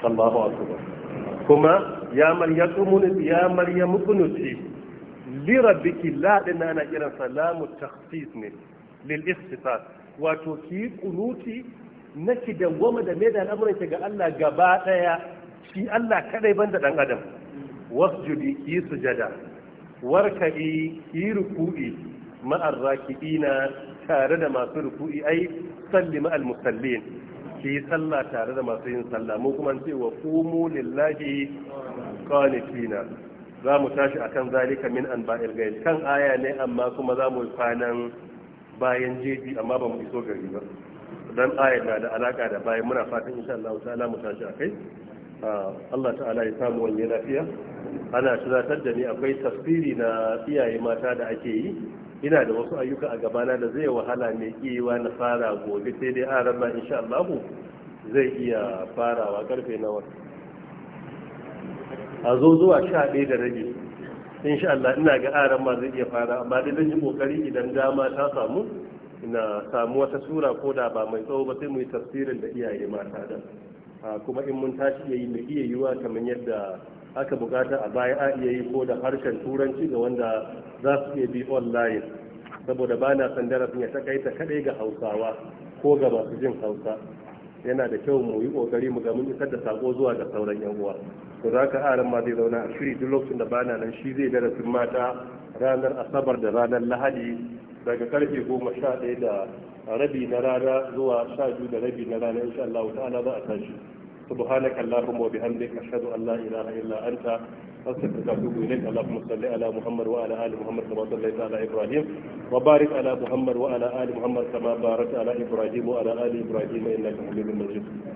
Allahu akbar kuma ya maryamu ya maryamu kunuti li rabbiki la dinna ana kiran salamu takhsis ne lil ikhtisas wato ki kunuti naki da goma da me da ka ga Allah gaba daya shi Allah kadai banda dan adam wasjudi ki sujada warkabi yi ruku'i ma'ar raki'ina tare da masu ruku'i ai salli al musallin ki sallah tare da masu yin sallah mu kuma ce wa qumu lillahi qanitina za mu tashi akan zalika min anba'il ghaib kan aya ne amma kuma za mu kwanan bayan jeji amma ba mu iso gari ba dan aya na da alaka da bayan muna fatan insha Allah ta'ala mu tashi akai Ah, Allah ta'ala ya samu wani lafiya ana tunatar da ni akwai tafsiri na iyaye mata da ake yi ina da wasu ayyuka a gabana da zai wahala mai kiyewa na fara gobe sai dai an rama insha Allah zai iya farawa karfe nawa a zo zuwa sha ɗaya da rabi insha Allah ina ga aran ma zai iya fara amma dai zan yi kokari idan dama ta samu ina samu wata sura ko da ba mai tsawo ba sai mu yi tafsirin da iyaye mata da kuma in mun tashi yayi yi mai iya yiwa kamar yadda aka bukata a baya a iya yi ko da harshen turanci da wanda za su iya bi online saboda ba na san darasin ya takaita kaɗai ga hausawa ko ga masu jin hausa yana da kyau mu yi kokari mu ga mun isar da sako zuwa ga sauran yan uwa to za ka aran ma zai zauna a shiri duk lokacin da bana nan shi zai darasin mata ranar asabar da ranar lahadi daga karfe goma sha ɗaya da rabi na rana zuwa sha biyu da rabi na rana insha Allah wa ta'ala za a tashi subhanak allahumma wa bihamdika ashhadu an la ilaha illa anta astaghfiruka wa atubu allahumma salli ala muhammad wa ala ali muhammad kama sallaita ala ibrahim wa ala muhammad wa ala ali muhammad kama barakta ala ibrahim wa ala ali ibrahim innaka hamidum majid